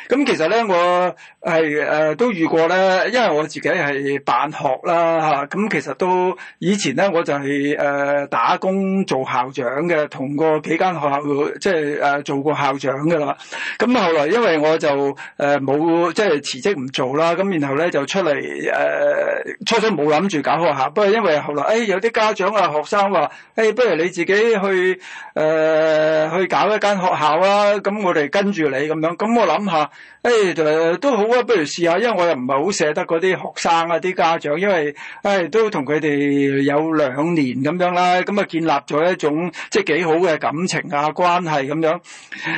咁、嗯、其實咧我係誒、呃、都遇過咧，因為我自己係辦學。啦嚇，咁、啊、其實都以前咧，我就係、是、誒、呃、打工做校長嘅，同過幾間學校即係誒、呃、做過校長嘅啦。咁、嗯、後來因為我就誒冇、呃、即係辭職唔做啦，咁、嗯、然後咧就出嚟誒、呃，初初冇諗住搞學校，不過因為後來誒、哎、有啲家長啊學生話誒、哎，不如你自己去誒、呃、去搞一間學校啊，咁、嗯、我哋跟住你咁樣，咁、嗯、我諗下。誒，就、哎、都好啊，不如試下，因為我又唔係好捨得嗰啲學生啊，啲家長，因為誒、哎、都同佢哋有兩年咁樣啦，咁啊建立咗一種即係幾好嘅感情啊關係咁樣，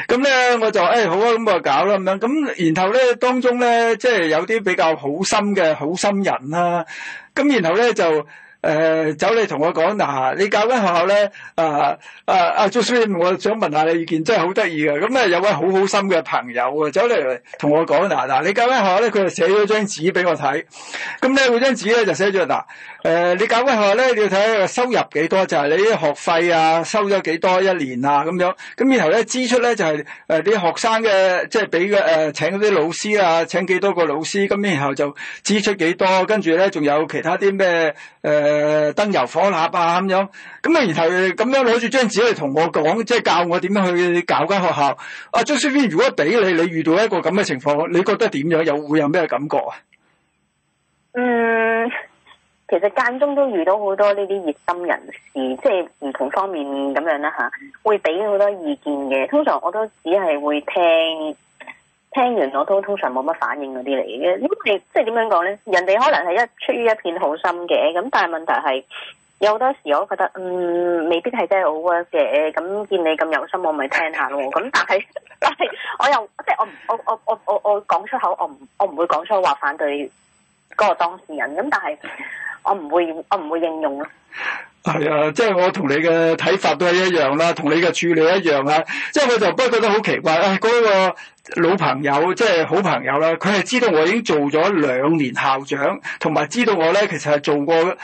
咁咧我就誒、哎、好啊，咁啊搞啦咁樣，咁然後咧當中咧即係有啲比較好心嘅好心人啦、啊，咁然後咧就。誒、呃，走嚟同我講嗱，你教緊學校咧、呃，啊啊啊 Joseph 我想問下你意見，真係好得意嘅。咁、嗯、咧有位好好心嘅朋友，走嚟同我講嗱嗱，你教緊學校咧，佢就寫咗張紙俾我睇。咁咧，嗰張紙咧就寫咗。嗱，誒，你教緊學校咧，你要睇收入幾多，就係、是、你啲學費啊收咗幾多一年啊咁樣。咁然後咧支出咧就係誒啲學生嘅，即係俾佢誒，請嗰啲老師啊，請幾多個老師，咁然後就支出幾多，跟住咧仲有其他啲咩誒？呃呃誒，燈油火蠟啊，咁樣，咁啊，然後咁樣攞住張紙嚟同我講，即係教我點樣去搞間學校。阿張小，如果俾你，你遇到一個咁嘅情況，你覺得點樣？有會有咩感覺啊？嗯，其實間中都遇到好多呢啲熱心人士，即係唔同方面咁樣啦吓，啊，會俾好多意見嘅。通常我都只係會聽。聽完我都通常冇乜反應嗰啲嚟嘅，因為即係點樣講咧，人哋可能係一出於一片好心嘅，咁但係問題係有好多時，我覺得嗯未必係真係好 work 嘅，咁見你咁有心我，我咪聽下咯，咁但係但係我又即係我我我我我我講出口，我唔我唔會講出口話反對嗰個當事人，咁但係我唔會我唔會應用咯。係啊，即係我同你嘅睇法都係一樣啦，啊，同你嘅處理一樣啊。即係我就不過覺得好奇怪啊。嗰、哎那個老朋友，即係好朋友啦，啊，佢係知道我已經做咗兩年校長，同埋知道我咧其實係做過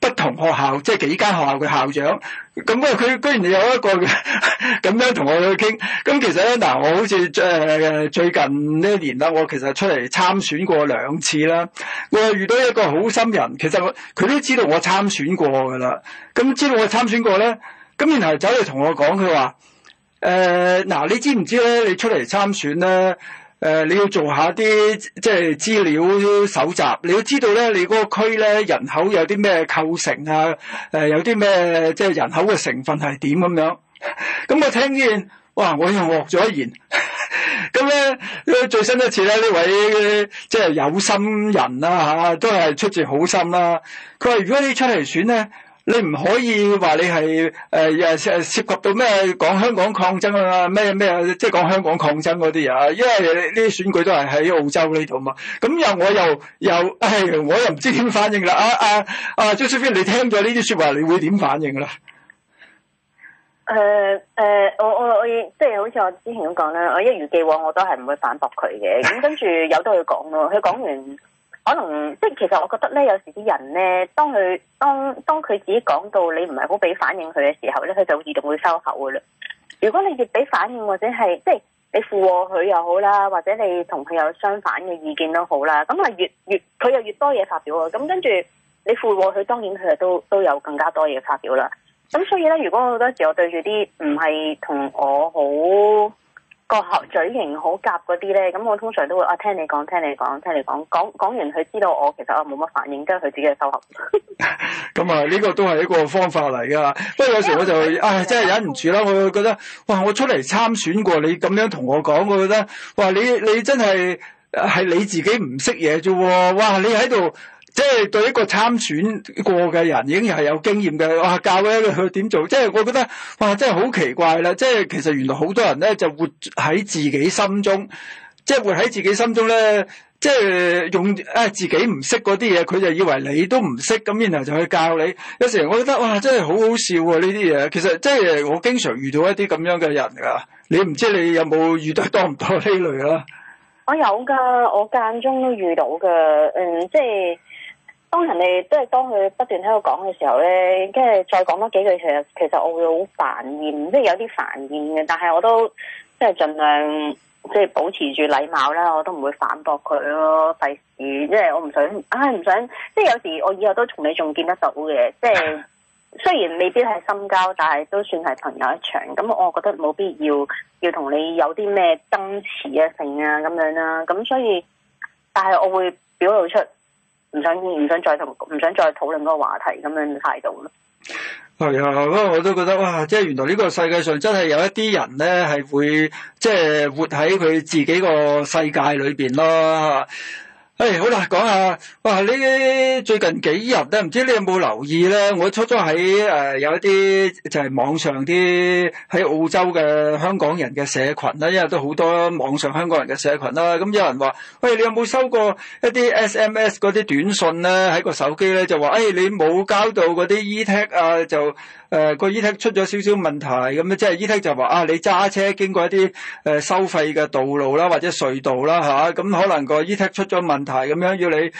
不同學校，即係幾間學校嘅校長。咁啊！佢、嗯、居然有一個咁 樣同我去傾。咁、嗯、其實咧，嗱、嗯，我好似誒、呃、最近呢一年啦，我其實出嚟參選過兩次啦。我、嗯、又遇到一個好心人，其實佢都知道我參選過噶啦。咁、嗯、知道我參選過咧，咁然後走嚟同我講，佢話：誒、呃，嗱、嗯，你知唔知咧？你出嚟參選咧？誒、呃、你要做一下啲即係資料搜集，你要知道咧，你嗰個區咧人口有啲咩構成啊？誒、呃、有啲咩即係人口嘅成分係點咁樣？咁我聽見，哇！我又學咗一言。咁咧最新一次咧，呢位即係有心人啦、啊、嚇、啊，都係出自好心啦、啊。佢話：如果你出嚟選咧，你唔可以話你係誒誒誒涉及到咩講香港抗爭啊咩咩即係講香港抗爭嗰啲啊，因為呢啲選舉都係喺澳洲呢度嘛。咁又我又又、哎、我又唔知點反應啦啊啊啊 Josephine 你聽咗呢啲說話你會點反應啦？誒誒、呃呃，我我我即係、就是、好似我之前咁講啦，我一如既往我都係唔會反駁佢嘅。咁跟住有得佢講咯，佢講完。可能即係其實我覺得咧，有時啲人咧，當佢當當佢自己講到你唔係好俾反應佢嘅時候咧，佢就會自動會收口嘅啦。如果你越俾反應或者係即係你附和佢又好啦，或者你同佢有相反嘅意見都好啦，咁啊越越佢又越多嘢發表啊。咁跟住你附和佢，當然佢都都有更加多嘢發表啦。咁所以咧，如果好多時我對住啲唔係同我好，個口嘴型好夾嗰啲咧，咁我通常都會啊，聽你講，聽你講，聽你講，講講完佢知道我其實我冇乜反應，跟住佢自己嘅收合。咁 啊，呢、這個都係一個方法嚟噶。不過有時我就唉、哎，真係忍唔住啦，我會覺得，哇，我出嚟參選過，你咁樣同我講，我覺得，哇，你你真係係你自己唔識嘢啫，哇，你喺度。即係對一個參選過嘅人已經係有經驗嘅，哇！教佢點做，即係我覺得哇，真係好奇怪啦！即係其實原來好多人咧就活喺自己心中，即係活喺自己心中咧，即係用啊、哎、自己唔識嗰啲嘢，佢就以為你都唔識，咁然後就去教你。有時我覺得哇，真係好好笑啊！呢啲嘢其實即係我經常遇到一啲咁樣嘅人㗎，你唔知你有冇遇到多唔多呢類啦？我有噶，我間中都遇到㗎，嗯，即係。當人哋即係當佢不斷喺度講嘅時候咧，跟住再講多幾句，其實其實我會好煩厭，即係有啲煩厭嘅。但係我都即係盡量即係、就是、保持住禮貌啦，我都唔會反駁佢咯。費事，即係我唔想唉，唔想，即係有時我以後都同你仲見得到嘅，即係雖然未必係深交，但係都算係朋友一場。咁我覺得冇必要要同你有啲咩爭持啊、性啊咁樣啦。咁所以，但係我會表露出。唔想唔想再同唔想再討論嗰個話題咁樣嘅態度咯。係啊，不過我都覺得哇，即係原來呢個世界上真係有一啲人咧，係會即係活喺佢自己個世界裏邊咯。誒，hey, 好啦，講下，哇！呢最近幾日咧，唔知你有冇留意咧？我初初喺誒有啲就係、是、網上啲喺澳洲嘅香港人嘅社群啦，因為都好多網上香港人嘅社群啦。咁有人話：，喂，你有冇收過一啲 SMS 嗰啲短信咧？喺個手機咧就話：，誒、哎，你冇交到嗰啲 E-tag 啊？就誒個 E-tag 出咗少少問題，咁、um, 樣即係 E-tag 就話、是、啊，你揸車經過一啲誒、呃、收費嘅道路啦，或者隧道啦，吓，咁可能個 E-tag 出咗問題，咁樣要你誒、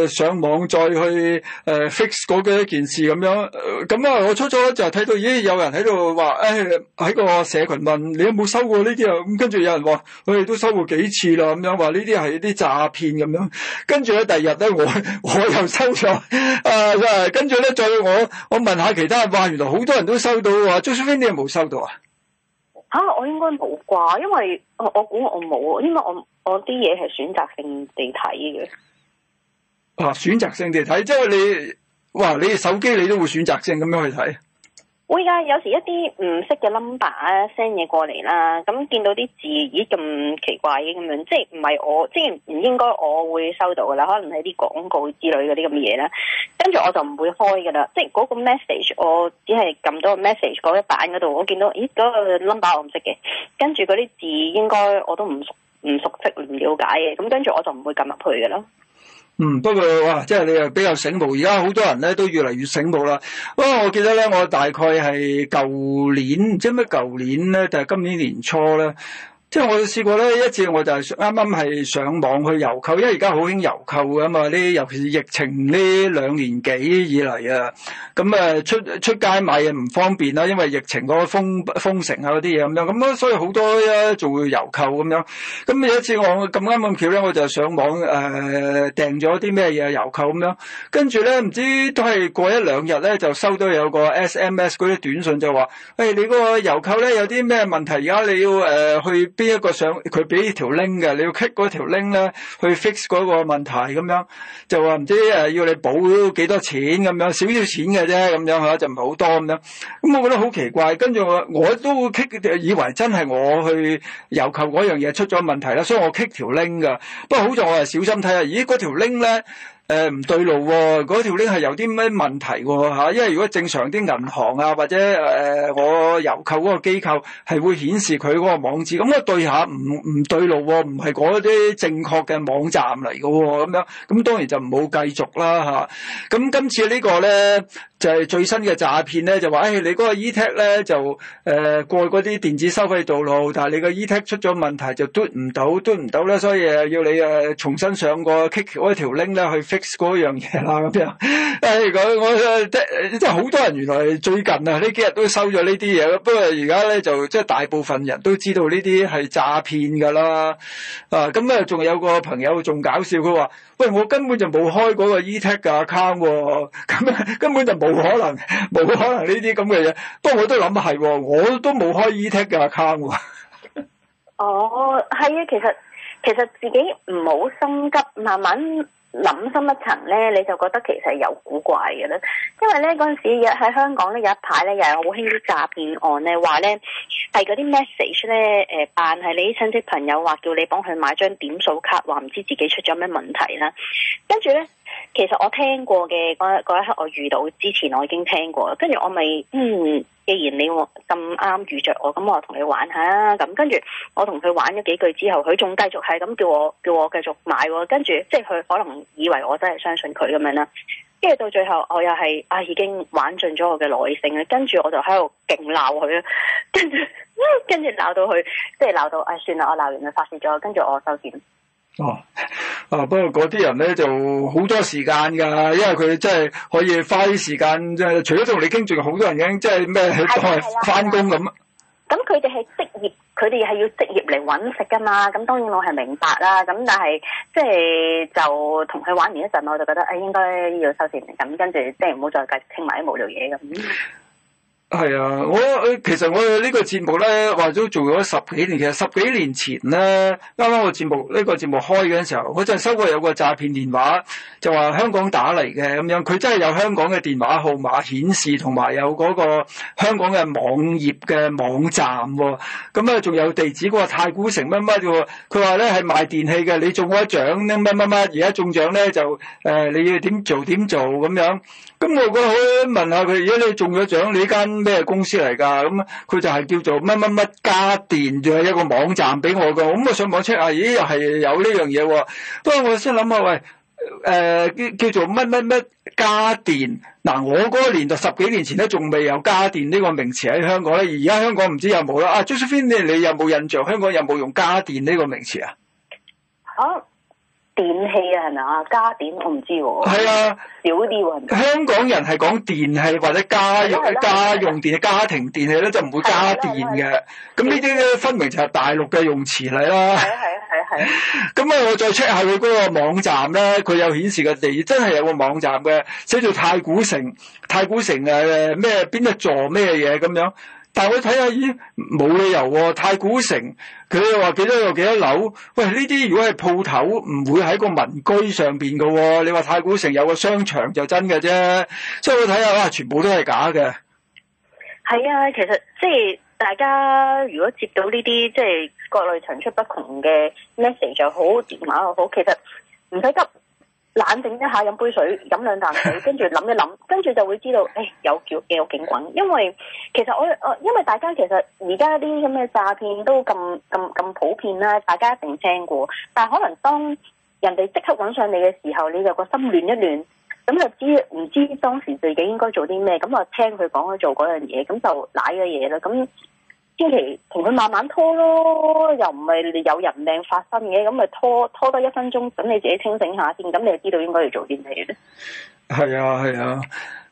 呃、上網再去誒、呃、fix 嗰個一件事咁樣咁啊，我初初就睇、是、到咦有人喺度話誒喺個社群問你有冇收過呢啲啊，咁跟住有人話話，哋、哎、都收過幾次啦，咁樣話呢啲係一啲詐騙咁樣，跟住咧，第二日咧，我我又收咗誒啊，跟住咧再我我，我問下其他。啊！原來好多人都收到啊，張淑芬你有冇收到啊？吓，我應該冇啩，因為我我估我冇，啊，因為我我啲嘢係選擇性地睇嘅。啊，選擇性地睇，即係你哇，你手機你都會選擇性咁樣去睇？會㗎，我有時一啲唔識嘅 number 啊，send 嘢過嚟啦，咁見到啲字咦咁奇怪嘅咁樣，即係唔係我即係唔應該我會收到㗎啦，可能係啲廣告之類嗰啲咁嘅嘢啦。跟住我就唔會開㗎啦，即係嗰個 message 我只係撳咗個 message 嗰一版喺度，我見到咦嗰個 number 我唔識嘅，跟住嗰啲字應該我都唔熟唔熟悉唔了解嘅，咁跟住我就唔會撳入去㗎啦。嗯，不過哇，即係你又比較醒目，而家好多人咧都越嚟越醒目啦。不過我記得咧，我大概係舊年，即係咩舊年咧，就係今年年初咧。即係我試過咧，一次我就係啱啱係上網去郵購，因為而家好興郵購㗎嘛，呢尤其是疫情呢兩年幾以嚟啊，咁啊出出街買嘢唔方便啦，因為疫情嗰個封封城啊嗰啲嘢咁樣，咁啊所以好多啊做郵購咁樣。咁有、啊、一次我咁啱咁巧咧，我就上網誒訂咗啲咩嘢郵購咁樣，跟住咧唔知都係過一兩日咧就收到有個 SMS 嗰啲短信就話：誒、哎、你嗰個郵購咧有啲咩問題，而家你要誒、呃、去。呢一個上佢俾條 link 嘅，你要 click 嗰條 link 咧去 fix 嗰個問題咁樣，就話唔知誒要你補幾多錢咁樣，少少錢嘅啫咁樣嚇，就唔係好多咁樣。咁我覺得好奇怪，跟住我我都 click 以為真係我去郵購嗰樣嘢出咗問題啦，所以我 click 條 link 嘅。不過好在我係小心睇下咦嗰條 link 咧～誒，唔對路喎、哦，嗰 link 係有啲咩問題喎嚇、啊？因為如果正常啲銀行啊，或者誒、呃、我郵購嗰個機構係會顯示佢個網址，咁我對下唔唔對路唔係嗰啲正確嘅網站嚟嘅喎，咁樣咁當然就唔好繼續啦吓，咁、啊、今次個呢個咧就係、是、最新嘅詐騙咧，就話誒、哎、你嗰個 e-tag 咧就誒、呃、過嗰啲電子收費道路，但係你個 e-tag 出咗問題就嘟唔到嘟唔到咧，所以誒要你誒、呃、重新上過 kick 嗰條 link 咧去 fix 嗰樣嘢啦咁樣，誒、哎，我我即即係好多人原來最近啊呢幾日都收咗呢啲嘢，不過而家咧就即係大部分人都知道呢啲係詐騙噶啦，啊，咁咧仲有個朋友仲搞笑，佢話，喂，我根本就冇開嗰個 E-tag 嘅 account，咁、啊嗯、根本就冇可能冇可能呢啲咁嘅嘢，不過我都諗係，我都冇開 E-tag 嘅 account。啊、哦，係啊，其實其實自己唔好心急，慢慢。諗深一層咧，你就覺得其實有古怪嘅啦。因為咧嗰陣時，喺香港咧有一排咧又係好興啲詐騙案咧，話咧係嗰啲 message 咧誒、呃、扮係你啲親戚朋友，話叫你幫佢買張點數卡，話唔知自己出咗咩問題啦。跟住咧，其實我聽過嘅嗰一一刻，我遇到之前我已經聽過，跟住我咪嗯。既然你咁啱遇着我，咁我同你玩下啦。咁跟住我同佢玩咗幾句之後，佢仲繼續係咁叫我叫我繼續買喎。跟住即係佢可能以為我真係相信佢咁樣啦。跟住到最後我又係啊、哎、已經玩盡咗我嘅耐性，啦。跟住我就喺度勁鬧佢啦。跟住跟住鬧到佢，即係鬧到唉、哎，算啦，我鬧完就發洩咗，跟住我收線。哦，啊，不過嗰啲人咧就好多時間噶，因為佢真係可以花啲時間，即係除咗同你傾住，好多人已經即係咩去翻工咁。咁佢哋係職業，佢哋係要職業嚟揾食噶嘛。咁當然我係明白啦。咁但係即係就同、是、佢玩完一陣，我就覺得誒、哎、應該要收線。咁跟住即係唔好再繼續傾埋啲無聊嘢咁。係啊，我其實我呢個節目咧，話咗做咗十幾年。其實十幾年前咧，啱啱個節目呢、呢個節目開嗰陣時候，嗰陣收過有個詐騙電話，就話香港打嚟嘅咁樣，佢真係有香港嘅電話號碼顯示，同埋有嗰個香港嘅網頁嘅網站喎、哦。咁啊，仲有地址嗰個太古城乜乜喎。佢話咧係賣電器嘅，你中咗獎乜乜乜乜，而家中獎咧就誒、呃、你要點做點做咁樣。咁我覺得可以問下佢，如果你中咗獎，你間咩公司嚟噶？咁佢就係叫做乜乜乜家電，仲係一個網站俾我㗎。咁我上網 check 下，咦、哎，又係有呢樣嘢喎。不過我先諗下，喂，誒、呃、叫叫做乜乜乜家電？嗱，我嗰年就十幾年前咧，仲未有家電呢個名詞喺香港咧。而家香港唔知有冇啦。啊，Josephine，你你有冇印象？香港有冇用家電呢個名詞啊？好。電器啊，係咪啊？家電我唔知喎。係啊，少啲喎。香港人係講電器或者家用家用電器，家庭電器咧，就唔會加電嘅。咁呢啲咧，分明就係大陸嘅用詞嚟啦。係啊係啊係啊係。咁啊，我再 check 下佢嗰個網站啦。佢有顯示嘅地，真係有個網站嘅，寫住太古城。太古城誒咩？邊一座咩嘢咁樣？但係我睇下，咦，冇理由喎，啊，太古城。佢又話幾多個幾多樓？喂，呢啲如果係鋪頭，唔會喺個民居上邊㗎喎。你話太古城有個商場就真嘅啫，即係我睇下啦，全部都係假嘅。係啊，其實即係大家如果接到呢啲即係國內層出不窮嘅 message，就好電話又好，其實唔使急。 冷靜一下，飲杯水，飲兩啖水，跟住諗一諗，跟住就會知道，誒、哎、有叫有警棍。因為其實我我因為大家其實而家啲咁嘅詐騙都咁咁咁普遍啦，大家一定聽過。但係可能當人哋即刻揾上你嘅時候，你就個心亂一亂，咁、嗯、就知唔知當時自己應該做啲咩？咁、嗯、啊聽佢講去做嗰樣嘢，咁、嗯、就舐嘅嘢啦。咁、嗯。千祈同佢慢慢拖咯，又唔係有人命發生嘅，咁咪拖拖多一分鐘，等你自己清醒下先，咁你就知道應該要做啲咩咧。係啊係啊，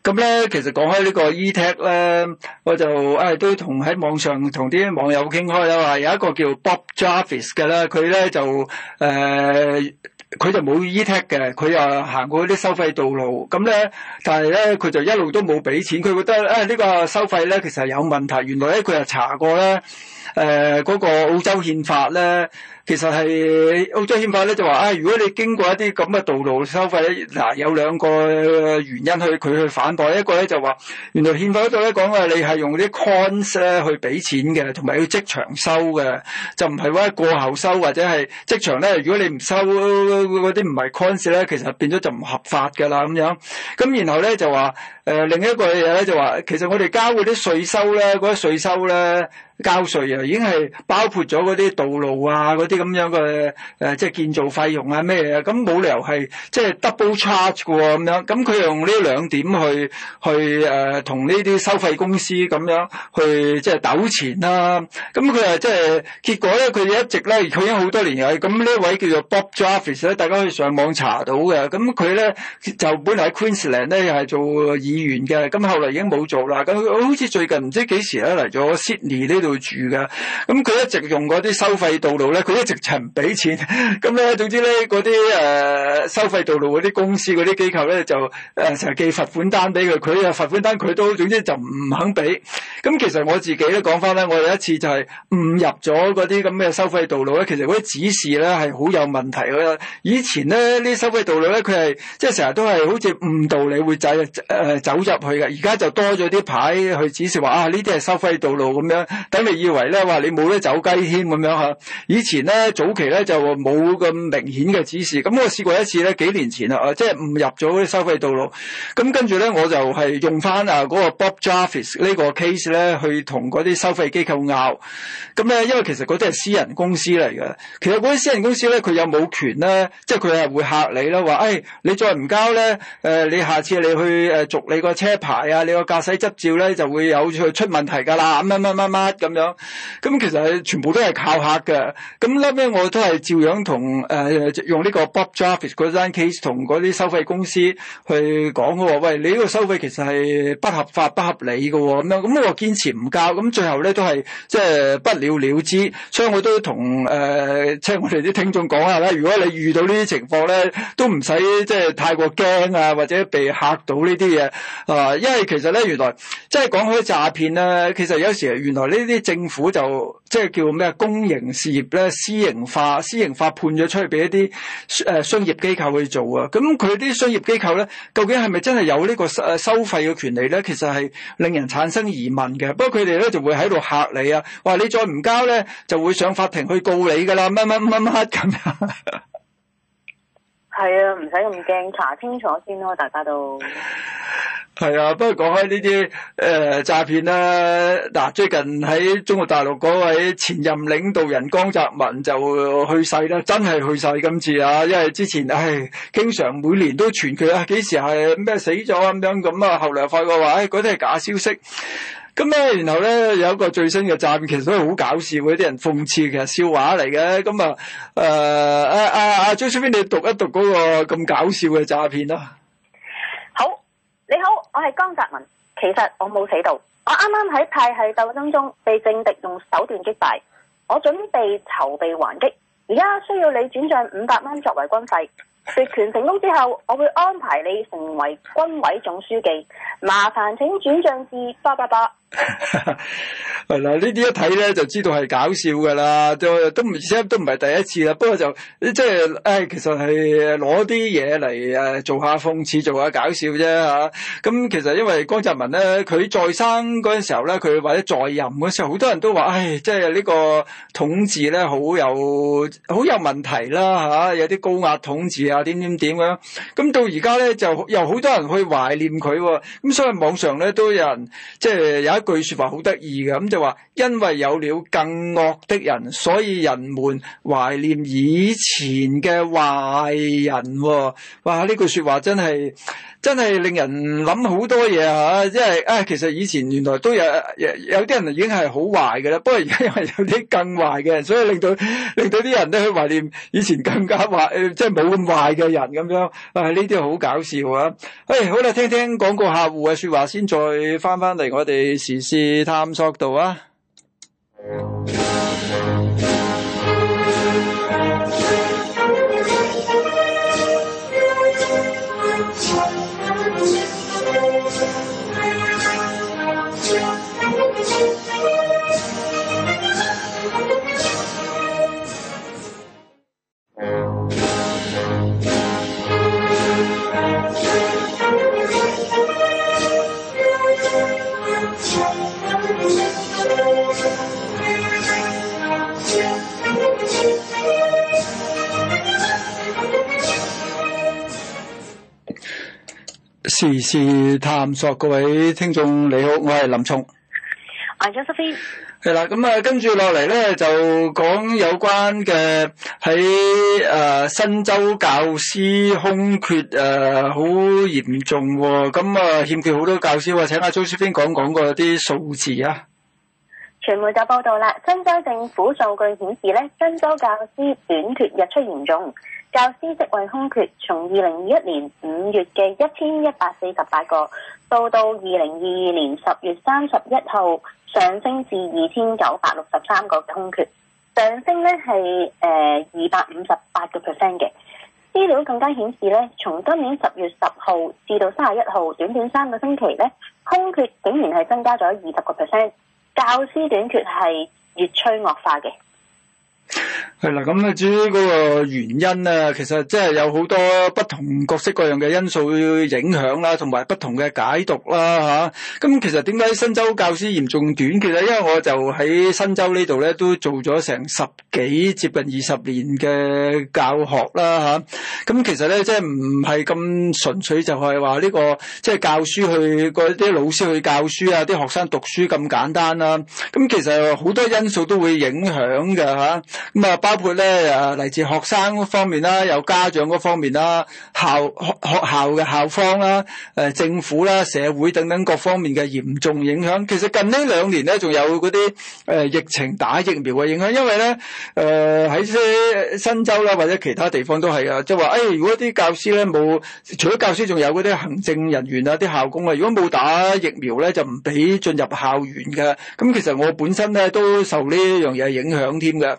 咁咧、啊、其實講開個、e、tag 呢個 E-tag 咧，我就誒、啊、都同喺網上同啲網友傾開啦，話有一個叫 Bob Jarvis 嘅咧，佢咧就誒。呃佢就冇 E-tag 嘅，佢又行過啲收費道路，咁咧，但係咧，佢就一路都冇俾錢。佢覺得誒，呢個收費咧其實係有問題。原來咧，佢又查過咧，誒，嗰個澳洲憲法咧。其實係澳洲憲法咧就話啊、哎，如果你經過一啲咁嘅道路收費咧，嗱、啊、有兩個原因去佢去反駁，一個咧就話原來憲法嗰度咧講話你係用啲 coins 咧去俾錢嘅，同埋要即場收嘅，就唔係話過後收或者係即場咧。如果你唔收嗰啲唔係 coins 咧，其實變咗就唔合法㗎喇咁樣。咁然後咧就話。誒、呃，另一個嘢咧就話，其實我哋交嗰啲稅收咧，嗰啲稅收咧交稅啊，已經係包括咗嗰啲道路啊，嗰啲咁樣嘅誒、呃、即係建造費用啊咩、嗯、啊，咁冇理由係即係 double charge 嘅喎，咁樣咁佢用呢兩點去去誒、呃、同呢啲收費公司咁樣去即係糾纏啦、啊。咁佢係即係結果咧，佢哋一直咧，佢已經好多年嘅。咁、嗯、呢一位叫做 Bob Jarvis 咧，大家可以上網查到嘅。咁佢咧就本嚟喺 Queensland 咧，又係做以源嘅，咁後嚟已經冇做啦。咁佢好似最近唔知幾時咧嚟咗 Sydney 呢度住㗎。咁佢一直用嗰啲收費道路咧，佢一直就唔俾錢。咁咧，總之咧，嗰啲誒收費道路嗰啲公司，嗰啲機構咧，就誒成日寄罰款單俾佢。佢啊罰款單佢都，總之就唔肯俾。咁其實我自己咧講翻咧，我有一次就係誤入咗嗰啲咁嘅收費道路咧。其實嗰啲指示咧係好有問題㗎。以前咧呢啲收費道路咧，佢係即係成日都係好似誤導你會走誒。呃走入去嘅，而家就多咗啲牌去指示話啊，呢啲係收費道路咁樣。等你以為咧話你冇得走雞添咁樣嚇。以前咧早期咧就冇咁明顯嘅指示。咁我試過一次咧幾年前啊，即係誤入咗啲收費道路。咁跟住咧我就係用翻啊嗰個 Bob Jarvis 呢個 case 咧去同嗰啲收費機構拗。咁咧因為其實嗰啲係私人公司嚟嘅，其實嗰啲私人公司咧佢又冇權咧，即係佢係會嚇你啦，話誒、哎、你再唔交咧，誒、呃、你下次你去誒續。你個車牌啊，你個駕駛執照咧就會有出問題㗎啦，乜乜乜乜咁樣。咁其實全部都係靠嚇㗎。咁後屘我都係照樣同誒、呃、用呢個 Bob Jarvis 嗰單 case 同嗰啲收費公司去講喎。喂，你呢個收費其實係不合法、不合理㗎喎、哦。咁樣咁我堅持唔交。咁最後咧都係即係不了了之。所以我都同誒即係我哋啲聽眾講下啦。如果你遇到呢啲情況咧，都唔使即係太過驚啊，或者被嚇到呢啲嘢。啊，uh, 因為其實咧，原來即係講起詐騙咧，其實有時原來呢啲政府就即係叫咩公營事業咧私營化，私營化判咗出去俾一啲誒、呃、商業機構去做啊。咁佢啲商業機構咧，究竟係咪真係有呢個誒收費嘅權利咧？其實係令人產生疑問嘅。不過佢哋咧就會喺度嚇你啊，話你再唔交咧，就會上法庭去告你噶啦，乜乜乜乜咁樣。 係啊，唔使咁驚，查清楚先咯，大家都。係啊，不過講開呢啲誒詐騙啦、啊，嗱、啊、最近喺中國大陸嗰位前任領導人江澤民就去世啦，真係去世今次啊，因為之前唉、哎、經常每年都傳佢啊幾時係咩死咗咁樣咁啊，啊後嚟發覺話誒嗰啲係假消息。咁咧，然後咧有一個最新嘅詐騙，其實都係好搞笑嘅，啲人諷刺，其實笑話嚟嘅。咁、嗯、啊，誒、啊，阿阿阿張淑芬，你讀一讀嗰個咁搞笑嘅詐騙啦。好，你好，我係江澤民。其實我冇死到，我啱啱喺派系鬥爭中被政敵用手段擊敗，我準備籌備還擊。而家需要你轉賬五百蚊作為軍費，奪權成功之後，我會安排你成為軍委總書記。麻煩請轉賬至八八八。巴巴巴係啦， 呢啲一睇咧就知道係搞笑噶啦，都都唔，而且都唔係第一次啦。不過就即係，誒、就是，其實係攞啲嘢嚟誒做下諷刺，做下搞笑啫吓。咁、啊嗯、其實因為江澤民咧，佢在生嗰陣時候咧，佢或者在任嗰時候，好多人都話，唉，即係呢個統治咧好有好有問題啦，吓、啊，有啲高壓統治啊，點點點咁。咁、嗯、到而家咧，就又好多人去懷念佢、哦，咁、嗯、所以網上咧都有人即係、就是、有。一句話、就是、說話好得意嘅，咁就話因為有了更惡的人，所以人們懷念以前嘅壞人、哦。哇！呢句說話真係～真係令人諗好多嘢嚇、啊，即係啊、哎，其實以前原來都有有啲人已經係好壞嘅啦，不過而家因為有啲更壞嘅人，所以令到令到啲人都去懷念以前更加壞，即係冇咁壞嘅人咁樣。啊、哎，呢啲好搞笑啊！誒、哎，好啦，聽聽廣告客戶嘅説話先，再返返嚟我哋時事探索度啊。時事探索，各位聽眾你好，我係林聰。我係 Josephine 係啦，咁啊，跟住落嚟咧，就講有關嘅，喺誒新州教師空缺誒好嚴重，咁、嗯、啊欠缺好多教師啊，請阿 Josephine 講講嗰啲數字啊。傳媒就報道啦，新州政府數據顯示咧，新州教師短缺日趨嚴重。教師職位空缺從二零二一年五月嘅一千一百四十八個，到到二零二二年十月三十一號上升至二千九百六十三個空缺，上升咧係誒二百五十八個 percent 嘅。資料更加顯示咧，從今年十月十號至到三十一號，短短三個星期咧，空缺竟然係增加咗二十個 percent，教師短缺係越趨惡化嘅。係啦，咁啊至於嗰個原因咧，其實即係有好多不同各式各樣嘅因素影響啦，同埋不同嘅解讀啦，吓、啊。咁其實點解新州教師嚴重短缺咧？因為我就喺新州呢度咧，都做咗成十幾接近二十年嘅教學啦，吓、啊。咁其實咧，即係唔係咁純粹就係話呢個即係、就是、教書去，嗰啲老師去教書啊，啲學生讀書咁簡單啦。咁、啊、其實好多因素都會影響嘅，吓、啊。咁啊，包括咧誒，來自學生方面啦，有家長方面啦，校學校嘅校方啦，誒、呃、政府啦，社會等等各方面嘅嚴重影響。其實近兩呢兩年咧，仲有嗰啲誒疫情打疫苗嘅影響，因為咧誒喺新州啦或者其他地方都係啊，即係話誒，如果啲教師咧冇除咗教師，仲有嗰啲行政人員啊、啲校工啊，如果冇打疫苗咧，就唔俾進入校園嘅。咁、嗯、其實我本身咧都受呢一樣嘢影響添嘅。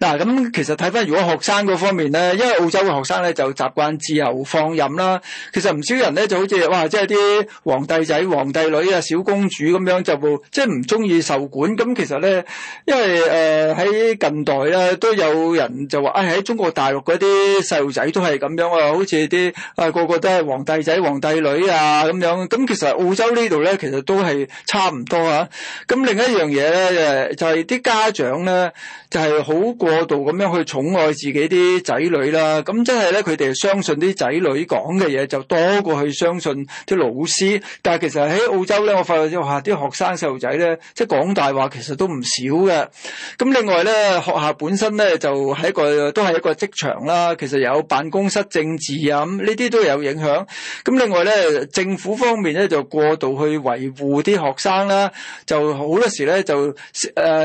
嗱，咁、啊、其實睇返如果學生嗰方面咧，因為澳洲嘅學生咧就習慣自由放任啦。其實唔少人咧就好似哇，即係啲皇帝仔、皇帝女啊、小公主咁樣，就即係唔中意受管。咁、嗯、其實咧，因為誒喺、呃、近代咧都有人就話，誒、哎、喺中國大陸嗰啲細路仔都係咁樣啊、哎，好似啲啊個個都係皇帝仔、皇帝女啊咁樣。咁、嗯、其實澳洲呢度咧，其實都係差唔多啊。咁、啊嗯、另一樣嘢咧，就係、是、啲家長咧。就係好過度咁樣去寵愛自己啲仔女啦，咁真係咧佢哋相信啲仔女講嘅嘢就多過去相信啲老師，但係其實喺澳洲咧，我發覺咗話啲學生細路仔咧，即係講大話其實都唔少嘅。咁另外咧，學校本身咧就係一個都係一個職場啦，其實有辦公室政治啊咁，呢啲都有影響，咁另外咧，政府方面咧就過度去維護啲學生啦，就好多時咧就誒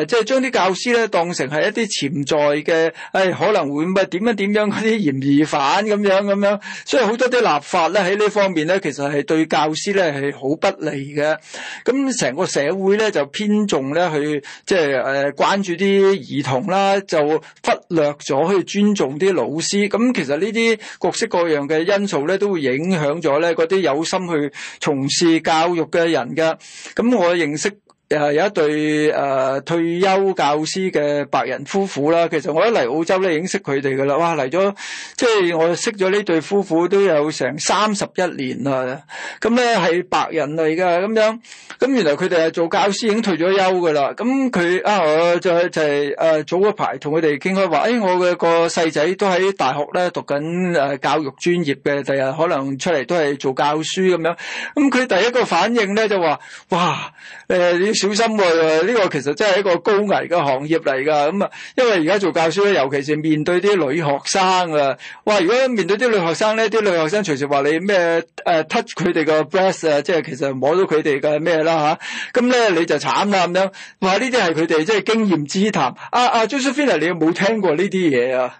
即係將啲教師咧當成。係一啲潛在嘅，誒、哎、可能會乜點樣點樣嗰啲嫌疑犯咁樣咁樣，所以好多啲立法咧喺呢方面咧，其實係對教師咧係好不利嘅。咁成個社會咧就偏重咧去即係誒關注啲兒童啦，就忽略咗去尊重啲老師。咁其實呢啲各式各樣嘅因素咧，都會影響咗咧嗰啲有心去從事教育嘅人嘅。咁我認識。誒有一對誒、呃、退休教師嘅白人夫婦啦，其實我一嚟澳洲咧已經識佢哋噶啦，哇嚟咗即係我識咗呢對夫婦都有成三十一年啦，咁咧係白人嚟㗎，咁樣咁、嗯、原來佢哋係做教師已經退咗休㗎啦，咁、嗯、佢啊我就就係誒早一排同佢哋傾開話，誒、哎、我嘅個細仔都喺大學咧讀緊誒教育專業嘅，第日可能出嚟都係做教書咁樣，咁、嗯、佢第一個反應咧就話，哇誒！呃你小心喎，啊！呢個其實真係一個高危嘅行業嚟㗎。咁啊，因為而家做教書咧，尤其是面對啲女學生啊，哇！如果面對啲女學生咧，啲女學生隨時話你咩誒、呃、touch 佢哋個 breast 啊，即係其實摸到佢哋嘅咩啦吓，咁咧你就慘啦，咁樣話呢啲係佢哋即係經驗之談。阿阿 Josephine，你有冇聽過呢啲嘢啊？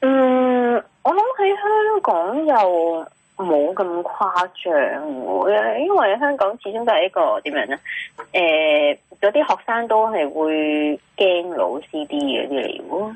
嗯，嗯我諗喺香港又。冇咁誇張，因為香港始終都係一個點樣咧？誒、呃，有啲學生都係會驚老師啲嘢啲嚟。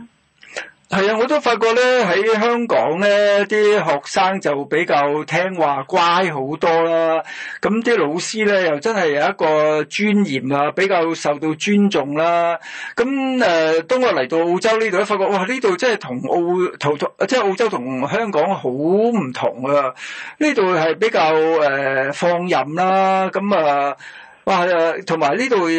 係啊，我都發覺咧，喺香港咧，啲學生就比較聽話乖好多啦，咁啲老師咧又真係有一個尊嚴啊，比較受到尊重啦。咁誒、呃，當我嚟到澳洲呢度咧，發覺哇，呢度真係同澳、同即係澳洲同香港好唔同啊！呢度係比較誒、呃、放任啦，咁啊～、呃哇，同埋呢度即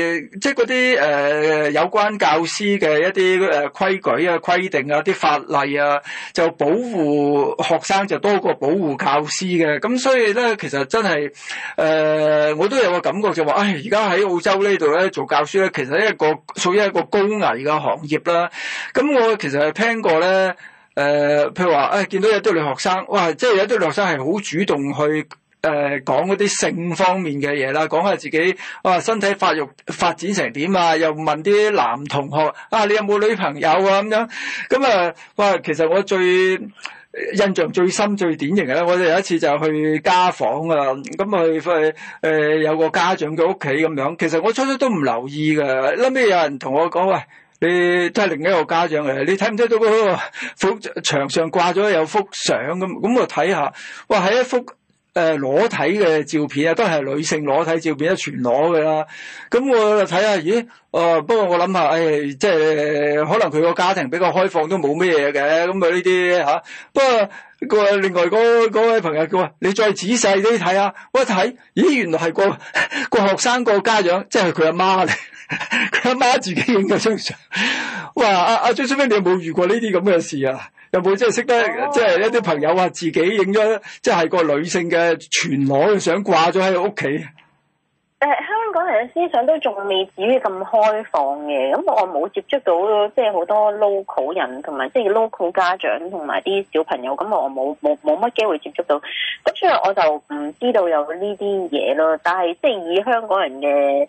係嗰啲誒有關教師嘅一啲誒、呃、規矩啊、規定啊、啲法例啊，就保護學生就多過保護教師嘅。咁所以咧，其實真係誒、呃，我都有個感覺就話，唉、哎，而家喺澳洲呢度咧做教師咧，其實一個屬於一個高危嘅行業啦。咁我其實係聽過咧，誒、呃、譬如話，唉、哎，見到有啲女學生，哇，即係有啲女學生係好主動去。誒，講嗰啲性方面嘅嘢啦，講下自己，哇、啊，身體發育發展成點啊？又問啲男同學，啊，你有冇女朋友啊？咁樣，咁啊，哇，其實我最印象最深、最典型嘅咧，我就有一次就去家訪啊，咁啊，誒、呃，有個家長嘅屋企咁樣，其實我初初都唔留意嘅，後尾有人同我講，喂，你都係另一個家長嘅，你睇唔睇到嗰個幅牆上掛咗有幅相咁？咁我睇下，哇，喺一幅。誒，裸體嘅照片啊，都係女性裸體照片，一全裸嘅啦。咁我就睇下，咦？誒、呃，不過我諗下，誒、哎，即係可能佢個家庭比較開放，都冇咩嘢嘅。咁啊呢啲吓，不過個另外嗰、那個、位朋友話啊，你再仔細啲睇下。我一睇，咦，原來係個個學生個家長，即係佢阿媽嚟，佢 阿媽自己影嘅張相。哇！阿阿張小姐，你有冇遇過呢啲咁嘅事啊？有冇即係識得即係一啲朋友話自己影咗即係個女性嘅全裸嘅相掛咗喺屋企？誒，香港人嘅思想都仲未至於咁開放嘅，咁我冇接觸到即係好多 local 人同埋即係 local 家長同埋啲小朋友，咁我冇冇冇乜機會接觸到，咁所以我就唔知道有呢啲嘢咯。但係即係以香港人嘅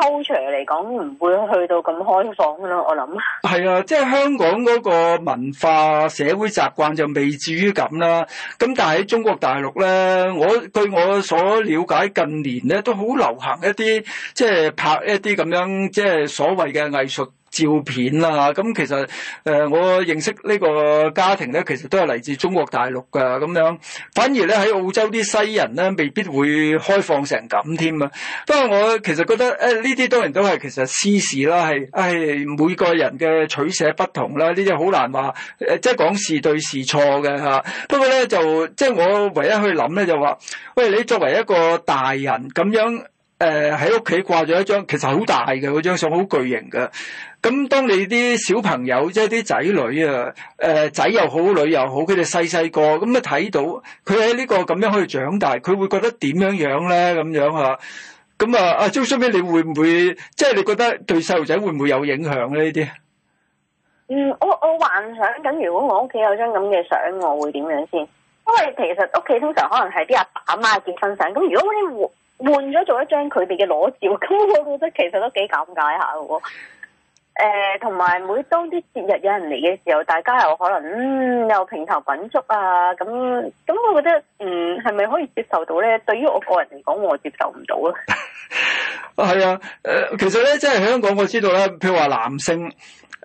抽 u 嚟講唔會去到咁開放咯，我諗係啊，即係香港嗰個文化社會習慣就未至於咁啦。咁但係喺中國大陸咧，我據我所了解，近年咧都好流行一啲即係拍一啲咁樣即係、就是、所謂嘅藝術。照片啦、啊，咁其實誒、呃、我認識呢個家庭咧，其實都係嚟自中國大陸噶咁樣。反而咧喺澳洲啲西人咧，未必會開放成咁添啊。不過我其實覺得誒呢啲當然都係其實私事啦，係係、哎、每個人嘅取捨不同啦，呢啲好難話誒、呃，即係講是對是錯嘅嚇。不過咧就即係我唯一去諗咧，就話喂，你作為一個大人咁樣，誒，喺屋企掛咗一張，其實好大嘅嗰張相，好巨型嘅。咁當你啲小朋友，即係啲仔女啊，誒、呃，仔又好，女又好，佢哋細細個，咁啊睇到佢喺呢個咁樣可以長大，佢會覺得點樣呢樣咧？咁樣吓，咁啊，阿、啊、Jo，、啊啊、你會唔會，即係你覺得對細路仔會唔會有影響咧？呢啲？嗯，我我幻想緊，如果我屋企有張咁嘅相，我會點樣先？因為其實屋企通常可能係啲阿爸阿媽結婚相，咁如果啲換咗做一張佢哋嘅裸照，咁 我覺得其實都幾尷尬下嘅。誒、呃，同埋每當啲節日有人嚟嘅時候，大家又可能、嗯、又平頭品足啊，咁、嗯、咁、嗯，我覺得嗯係咪可以接受到咧？對於我個人嚟講，我接受唔到 啊。係啊，誒，其實咧，即係香港我知道咧，譬如話男性誒、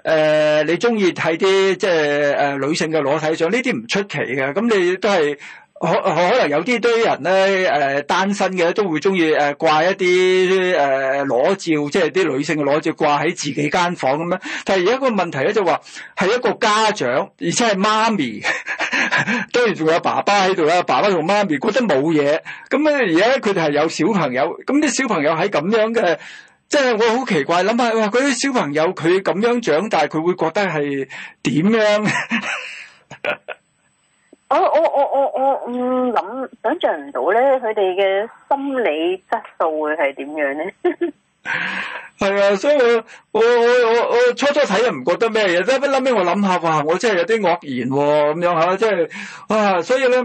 呃，你中意睇啲即係誒女性嘅裸體相，呢啲唔出奇嘅，咁你都係。可可能有啲堆人咧，誒、呃、單身嘅都會中意誒掛一啲誒、呃、裸照，即係啲女性嘅裸照掛喺自己間房咁樣。但係而家個問題咧就話係一個家長，而且係媽咪， 當然仲有爸爸喺度啦。爸爸同媽咪覺得冇嘢，咁咧而家佢哋係有小朋友，咁啲小朋友喺咁樣嘅，即係我好奇怪諗下，哇！嗰啲小朋友佢咁樣長大，佢會覺得係點樣？ 我我我我我唔諗想象唔到咧，佢哋嘅心理質素會係點樣咧？ 係 啊，所以我我我我初初睇又唔覺得咩嘢，但不我諗下話，我真係有啲愕然咁樣吓，即係啊，所以咧，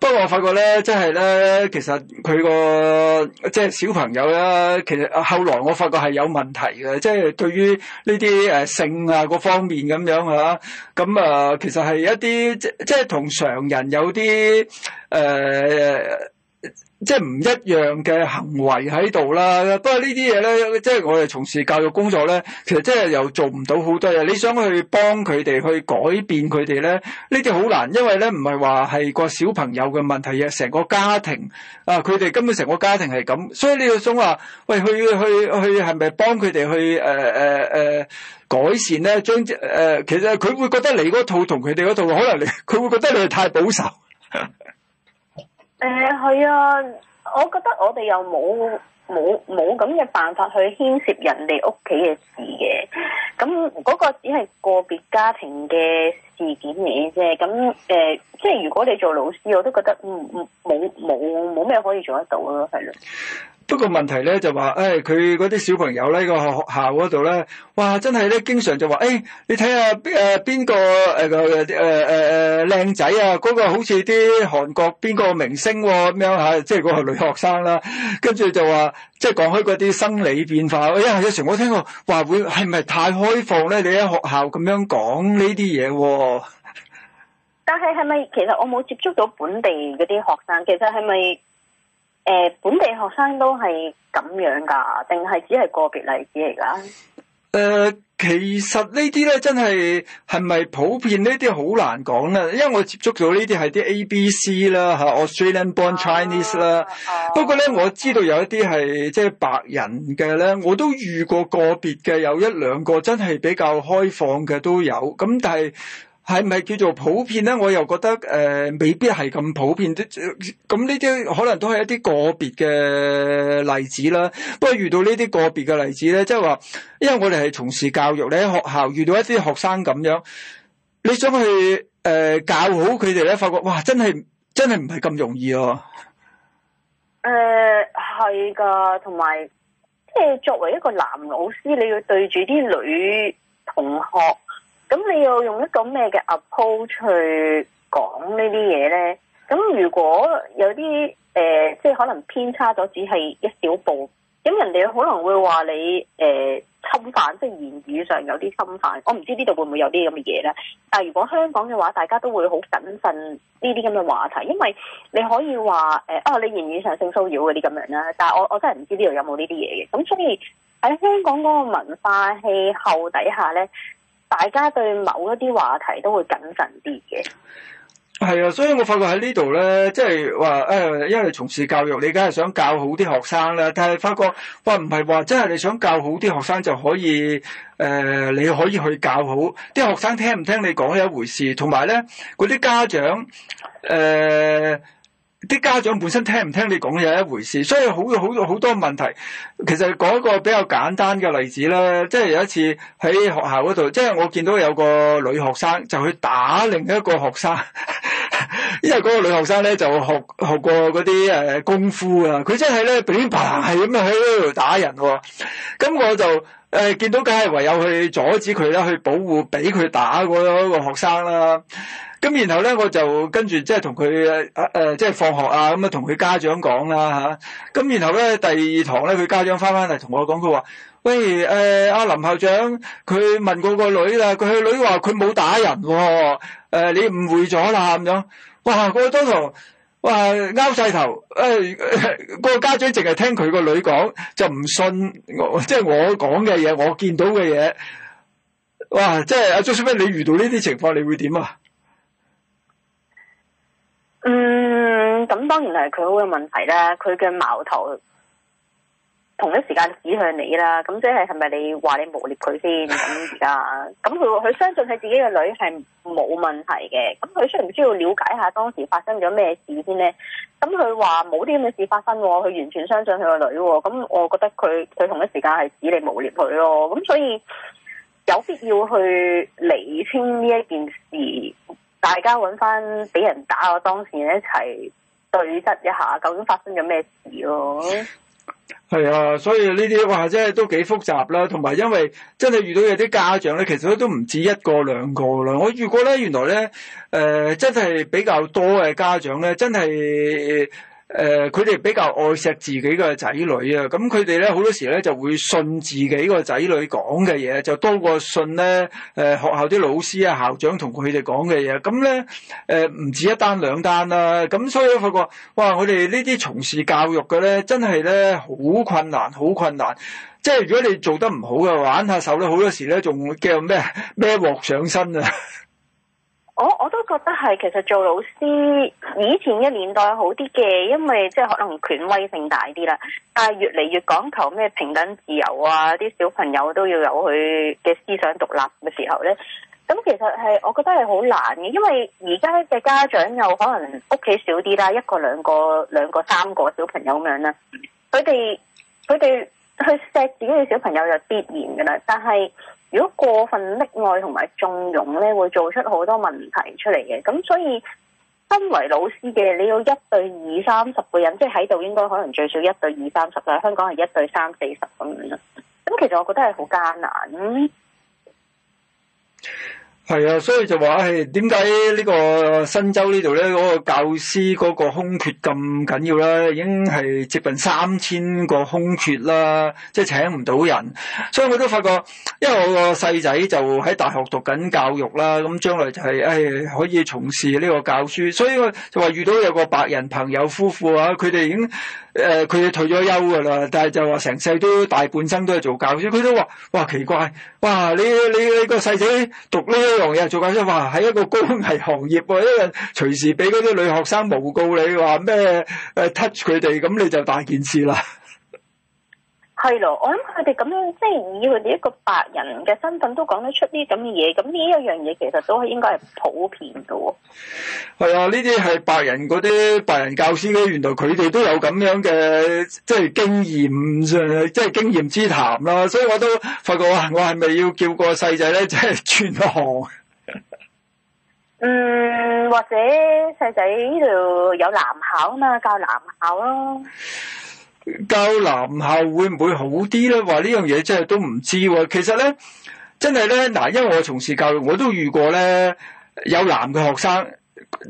不過我發覺咧，即係咧，其實佢個即係小朋友咧，其實後來我發覺係有問題嘅，即係對於呢啲誒性啊各方面咁樣吓，咁啊，其實係一啲即係同常人有啲誒。呃即係唔一樣嘅行為喺度啦，不過呢啲嘢咧，即係我哋從事教育工作咧，其實真係又做唔到好多嘢。你想去幫佢哋去改變佢哋咧，呢啲好難，因為咧唔係話係個小朋友嘅問題嘅，成個家庭啊，佢哋根本成個家庭係咁，所以你要想話喂去去去係咪幫佢哋去誒誒誒改善咧？將誒、呃，其實佢會覺得你嗰套同佢哋嗰套可能你，佢會覺得你係太保守。 誒，係啊、呃，我覺得我哋又冇冇冇咁嘅辦法去牽涉人哋屋企嘅事嘅，咁、那、嗰個只係個別家庭嘅事件嚟嘅啫，咁誒、呃，即係如果你做老師，我都覺得唔唔冇冇冇咩可以做得到咯，係咯。不過問題咧就話，誒、哎，佢嗰啲小朋友咧、個學校嗰度咧，哇，真係咧經常就話，誒、哎，你睇下誒邊個誒誒誒誒靚仔啊，嗰、個好似啲韓國邊個明星咁、啊、樣吓，即係嗰個女學生啦、啊，跟住就話，即係講開嗰啲生理變化，因為有時我聽過話會係咪太開放咧？你喺學校咁樣講呢啲嘢？但係係咪其實我冇接觸到本地嗰啲學生？其實係咪？誒，本地學生都係咁樣噶，定係只係個別例子嚟噶？誒、呃，其實呢啲咧，真係係咪普遍呢啲好難講咧，因為我接觸到呢啲係啲 A B C 啦，吓 Australian born Chinese 啦。啊啊、不過咧，我知道有一啲係即係白人嘅咧，我都遇過個別嘅，有一兩個真係比較開放嘅都有。咁但係。係咪叫做普遍咧？我又覺得誒、呃，未必係咁普遍。咁呢啲可能都係一啲個別嘅例子啦。不過遇到呢啲個別嘅例子咧，即係話，因為我哋係從事教育咧，喺學校遇到一啲學生咁樣，你想去誒、呃、教好佢哋咧，發覺哇，真係真係唔係咁容易啊。呃，誒，係噶，同埋即係作為一個男老師，你要對住啲女同學，咁你要用一個咩嘅 approach 去講呢啲嘢呢？咁如果有啲誒、呃，即係可能偏差咗，只係一小步，咁人哋可能會話你誒、呃、侵犯，即、就、係、是、言語上有啲侵犯。我唔知呢度會唔會有啲咁嘅嘢咧。但係如果香港嘅話，大家都會好謹慎呢啲咁嘅話題，因為你可以話誒，哦、呃啊，你言語上性騷擾嗰啲咁樣啦。但係我我真係唔知呢度有冇呢啲嘢嘅。咁所以喺香港嗰個文化氣候底下呢。大家對某一啲話題都會謹慎啲嘅，係啊，所以我發覺喺呢度咧，即係話誒，因為從事教育，你梗係想教好啲學生啦。但係發覺，喂，唔係話真係你想教好啲學生就可以誒、呃，你可以去教好啲學生，聽唔聽你講係一回事。同埋咧，嗰啲家長誒，呃啲家長本身聽唔聽你講嘢又一回事，所以好好好多問題。其實講一個比較簡單嘅例子啦，即係有一次喺學校嗰度，即係我見到有個女學生就去打另一個學生，因為嗰個女學生咧就學學過嗰啲誒功夫啊，佢真係咧乒乒乓係咁樣喺嗰度打人喎。咁我就誒見到梗係唯有去阻止佢啦，去保護俾佢打嗰個學生啦。咁然後咧，我就跟住即係同佢誒誒，即係放學啊咁、嗯、啊，同佢家長講啦嚇。咁然後咧，第二堂咧，佢家長翻翻嚟同我講，佢話：，喂誒，阿、呃、林校長，佢問過個女，女、哦呃、啦，佢個女話佢冇打人喎。誒，你誤會咗啦咁樣。哇！嗰個當堂哇，拗曬頭。誒、哎，呃那個家長淨係聽佢個女講，就唔信我，即係我講嘅嘢，我見到嘅嘢。哇！即係阿張小芬，啊、man，你遇到呢啲情況，你會點啊？嗯，咁當然係佢會有問題啦。佢嘅矛頭同一時間指向你啦。咁即係係咪你話你誣衊佢先？咁而家，咁佢佢相信佢自己嘅女係冇問題嘅。咁佢需唔需要了解下當時發生咗咩事先呢，咁佢話冇啲咁嘅事發生，佢完全相信佢個女。咁我覺得佢佢同一時間係指你誣衊佢咯。咁所以有必要去理清呢一件事。大家揾翻俾人打我，當時一齊對質一下，究竟發生咗咩事咯？係啊，啊所以呢啲話啫都幾複雜啦。同埋因為真係遇到有啲家長咧，其實都唔止一個兩個啦。我遇過咧，原來咧，誒，真係比較多嘅家長咧，真係。誒，佢哋、呃、比較愛錫自己嘅仔女啊，咁佢哋咧好多時咧就會信自己個仔女講嘅嘢，就多過信咧誒、呃、學校啲老師啊、校長同佢哋講嘅嘢。咁咧誒，唔、呃、止一單兩單啦、啊。咁、啊、所以發覺，哇！我哋呢啲從事教育嘅咧，真係咧好困難，好困難。即係如果你做得唔好嘅話，玩下手咧，好多時咧仲會叫咩咩鑊上身啊！ 我我都覺得係，其實做老師以前嘅年代好啲嘅，因為即係可能權威性大啲啦。但係越嚟越講求咩平等自由啊，啲小朋友都要有佢嘅思想獨立嘅時候呢，咁其實係，我覺得係好難嘅，因為而家嘅家長又可能屋企少啲啦，一個兩個兩個、兩個三個小朋友咁樣啦。佢哋佢哋去錫自己嘅小朋友就必然噶啦，但係。如果過分溺愛同埋縱容呢，會做出好多問題出嚟嘅。咁所以，身為老師嘅你要一對二三十個人，即喺度應該可能最少一對二三十啦。香港係一對三四十咁樣啦。咁其實我覺得係好艱難。 係啊，所以就話係點解呢個新州呢度咧嗰個教師嗰個空缺咁緊要啦，已經係接近三千個空缺啦，即係請唔到人。所以我都發覺，因為我個細仔就喺大學讀緊教育啦，咁將來就係誒可以從事呢個教書。所以我就話遇到有個白人朋友夫婦啊，佢哋已經，誒佢、呃、退咗休㗎啦，但係就話成世都大半生都係做教師，佢都話：哇奇怪，哇你你你個細仔讀呢，又又做教師，哇喺一個高危行業喎，一日隨時俾嗰啲女學生誣告你話咩誒 touch 佢哋，咁你就大件事啦。係咯，我諗佢哋咁樣，即係以佢哋一個白人嘅身份，都講得出啲咁嘅嘢。咁呢一樣嘢其實都係應該係普遍嘅。係啊，呢啲係白人嗰啲白人教師原來佢哋都有咁樣嘅即係經驗，即係經驗之談啦。所以我都發覺啊，我係咪要叫個細仔咧，即係轉行？嗯，或者細仔呢度有男校啊嘛，教男校咯。教男校會唔會好啲咧？話呢樣嘢真係都唔知喎。其實咧，真係咧，嗱，因為我從事教育，我都遇過咧有男嘅學生，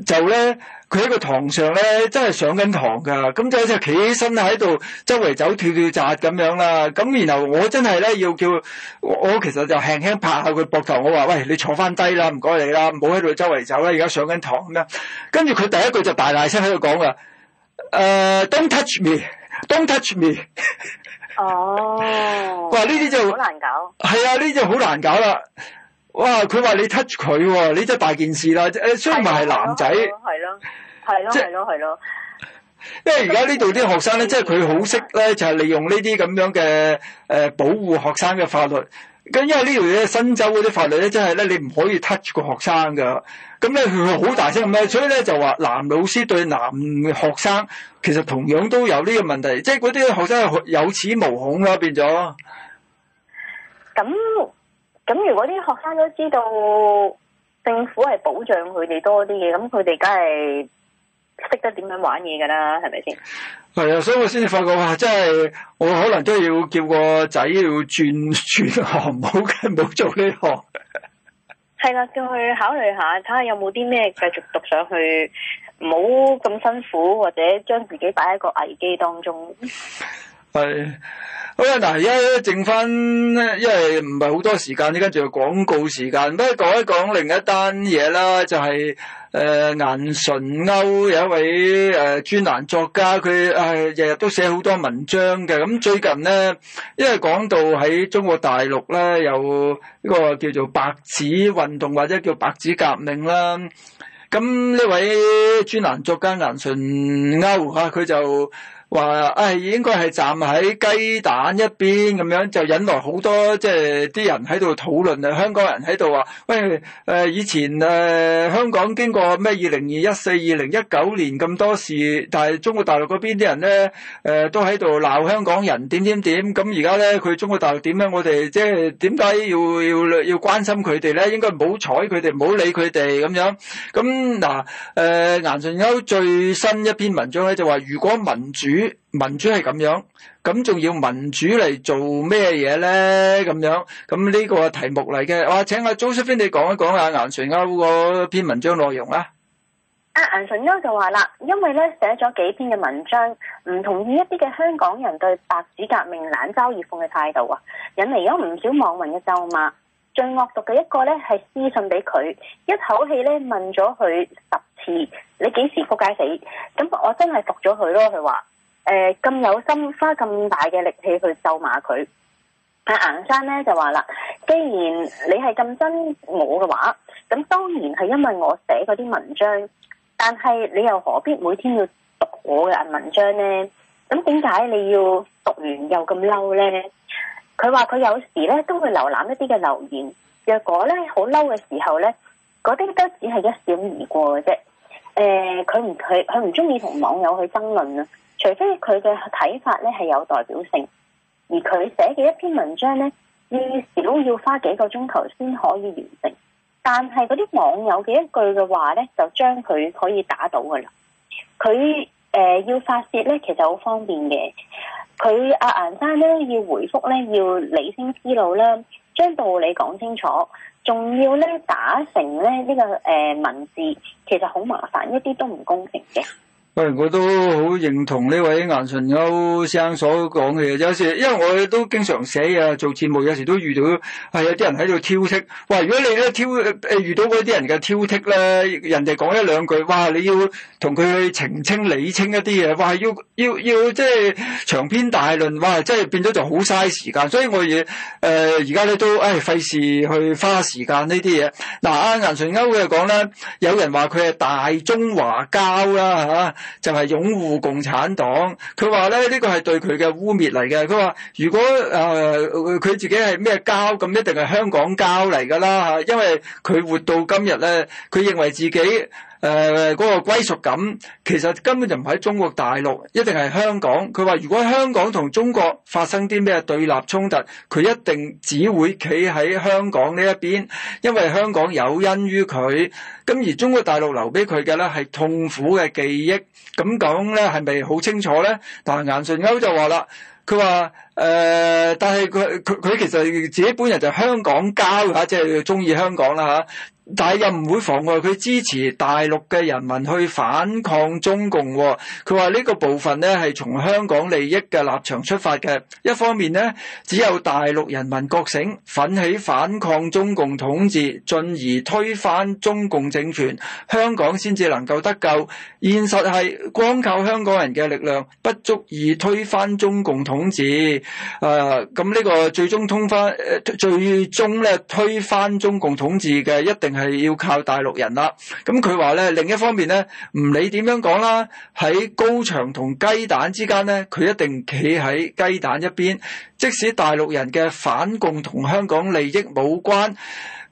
就咧佢喺個堂上咧真係上緊堂㗎。咁、嗯、就就企起身喺度，周圍走跳跳扎咁樣啦。咁、嗯、然後我真係咧要叫我，我其實就輕輕拍下佢膊頭，我話：喂，你坐翻低啦，唔該你啦，唔好喺度周圍走啦，而家上緊堂啦。跟住佢第一句就大大聲喺度講噶：誒、呃、don't touch me！Don't touch me ，oh。哦、啊，哇，呢啲，哦、就好難搞，係啊，呢啲就好難搞啦。哇，佢話你 touch 佢喎，呢啲大件事啦。誒、呃，的雖然咪係男仔，係咯，係咯，即係咯，係咯。 因為而家呢度啲學生咧， 即係佢好識咧，就係、是、利用呢啲咁樣嘅誒保護學生嘅法律。咁因為呢條嘢新州嗰啲法律咧，真係咧你唔可以 touch 個學生噶。咁咧佢好大聲咁咩，所以咧就話男老師對男學生其實同樣都有呢個問題，即係嗰啲學生係有恃無恐啦變咗。咁咁如果啲學生都知道政府係保障佢哋多啲嘢，咁佢哋梗係。識得點樣玩嘢噶啦，係咪先？係啊，所以我先至發覺啊，即係我可能都要叫個仔要轉轉行，唔好唔好做呢行。係 啦，叫佢考慮下，睇下有冇啲咩繼續讀上去，唔好咁辛苦，或者將自己擺喺個危機當中。係，好啊！嗱，而家剩翻，因為唔係好多時間，依家仲有廣告時間，不如講一講另一單嘢啦，就係。誒、呃、顏純鈎有一位誒、呃、專欄作家，佢係日日都寫好多文章嘅。咁最近咧，因為講到喺中國大陸咧，有一個叫做白紙運動或者叫白紙革命啦。咁呢位專欄作家顏純鈎嚇，佢就，話誒、哎、應該係站喺雞蛋一邊咁樣，就引來好多即係啲人喺度討論啊！香港人喺度話：喂誒、呃，以前誒、呃、香港經過咩二零二一四、二零一九年咁多事，但係中國大陸嗰邊啲人咧誒、呃、都喺度鬧香港人點點點。咁而家咧佢中國大陸點咧？我哋即係點解要要要關心佢哋咧？應該唔好睬佢哋，唔好理佢哋咁樣。咁嗱誒顏純鈎最新一篇文章咧就話、是：如果民主，民主係咁樣，咁仲要民主嚟做咩嘢咧？咁樣，咁呢個題目嚟嘅，我請阿 Joseph 你講一講阿顏純鈎嗰篇文章內容啦。阿顏純鈎就話啦，因為咧寫咗幾篇嘅文章，唔同意一啲嘅香港人對白紙革命冷嘲熱諷嘅態度啊，引嚟咗唔少網民嘅咒罵。最惡毒嘅一個咧係私信俾佢，一口氣咧問咗佢十次，你幾時仆街死？咁我真係服咗佢咯，佢話。誒，咁、呃、有心花咁大嘅力氣去咒罵佢，阿顏生咧就話啦：既然你係咁憎我嘅話，咁當然係因為我寫嗰啲文章，但係你又何必每天要讀我嘅文章呢？咁點解你要讀完又咁嬲呢？」佢話佢有時咧都會瀏覽一啲嘅留言，若果咧好嬲嘅時候咧，嗰啲都只係一閃而過嘅啫。誒、呃，佢唔佢佢唔中意同網友去爭論啊。除非佢嘅睇法咧係有代表性，而佢寫嘅一篇文章咧，至少要花幾個鐘頭先可以完成。但係嗰啲網友嘅一句嘅話咧，就將佢可以打倒噶啦。佢誒、呃、要發泄咧，其實好方便嘅。佢阿顏生咧要回覆咧，要理清思路啦，將道理講清楚，仲要咧打成咧呢、這個誒、呃、文字，其實好麻煩，一啲都唔公平嘅。喂、哎，我都好認同呢位顏純鈎先生所講嘅嘢。有時，因為我都經常寫啊做節目，有時都遇到係有啲人喺度挑剔。喂，如果你咧挑誒、呃、遇到嗰啲人嘅挑剔咧，人哋講一兩句，哇！你要同佢去澄清理清一啲嘢，哇！要要要即係長篇大論，哇！即係變咗就好嘥時間。所以我嘢誒而家咧都誒費事去花時間、啊、呢啲嘢。嗱，阿顏純鈎佢講咧，有人話佢係大中華膠啦吓。啊就係擁護共產黨。佢話咧呢個係對佢嘅污衊嚟嘅。佢話如果誒，佢、呃、自己係咩膠咁一定係香港膠嚟㗎啦吓，因為佢活到今日咧，佢認為自己。誒嗰、呃那個歸屬感其實根本就唔喺中國大陸，一定係香港。佢話如果香港同中國發生啲咩對立衝突，佢一定只會企喺香港呢一邊，因為香港有恩於佢。咁而中國大陸留俾佢嘅咧係痛苦嘅記憶。咁講咧係咪好清楚咧？但係顏純鈎就話啦，佢話誒，但係佢佢佢其實自己本人就香港交嚇，即係中意香港啦嚇。但係又唔會妨礙佢支持大陸嘅人民去反抗中共。佢話呢個部分咧，係從香港利益嘅立場出發嘅。一方面咧，只有大陸人民覺醒，奮起反抗中共統治，進而推翻中共政權，香港先至能夠得救。現實係光靠香港人嘅力量不足以推翻中共統治。誒，咁呢個最終通翻，誒，最終咧推翻中共統治嘅一定。係要靠大陸人啦，咁佢話咧，另一方面咧，唔理點樣講啦，喺高牆同雞蛋之間咧，佢一定企喺雞蛋一邊，即使大陸人嘅反共同香港利益冇關。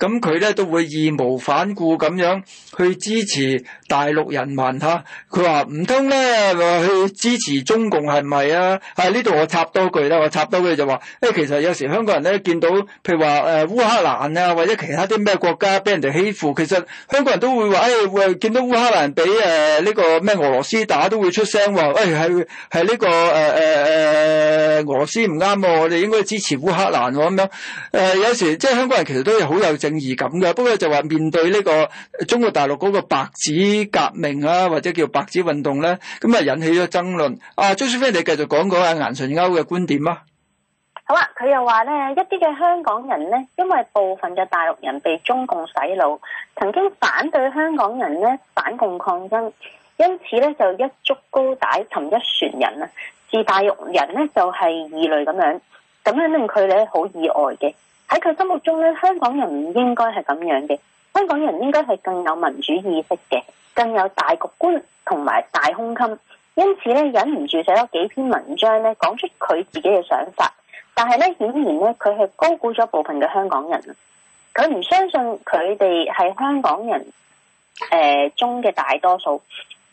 咁佢咧都會義無反顧咁樣去支持大陸人民吓，佢話唔通咧話去支持中共係咪啊？喺呢度我插多句啦，我插多句就話誒、欸、其實有時香港人咧見到譬如話誒烏克蘭啊，或者其他啲咩國家俾人哋欺負，其實香港人都會話誒誒，見到烏克蘭俾誒呢個咩、呃、俄羅斯打都會出聲話誒係係呢個誒誒誒俄羅斯唔啱喎，我哋應該支持烏克蘭喎咁樣誒、呃，有時即係香港人其實都係好有正。疑感嘅，不過就話面對呢個中國大陸嗰個白紙革命啊，或者叫白紙運動咧，咁啊引起咗爭論。啊，張雪芬，你繼續講講阿顏純鈎嘅觀點啊。好啊，佢又話咧，一啲嘅香港人咧，因為部分嘅大陸人被中共洗腦，曾經反對香港人咧反共抗爭，因此咧就一竹篙打沉一船人啊，自大陸人咧就係異類咁樣，咁樣令佢哋好意外嘅。喺佢心目中咧，香港人唔應該係咁樣嘅，香港人應該係更有民主意識嘅，更有大局觀同埋大胸襟。因此咧，忍唔住寫咗幾篇文章咧，講出佢自己嘅想法。但係咧，顯然咧，佢係高估咗部分嘅香港人。佢唔相信佢哋係香港人誒、呃、中嘅大多數，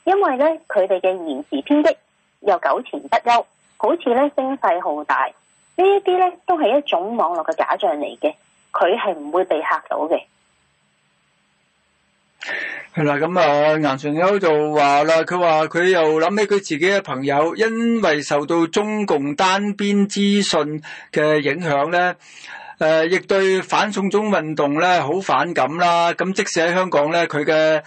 因為咧佢哋嘅言辭偏激，又糾纏不休，好似咧聲勢浩大。呢一啲咧都係一種網絡嘅假象嚟嘅，佢係唔會被嚇到嘅。係啦，咁啊，顏純鈎就話啦，佢話佢又諗起佢自己嘅朋友，因為受到中共單邊資訊嘅影響咧，誒，亦對反送中運動咧好反感啦。咁即使喺香港咧，佢嘅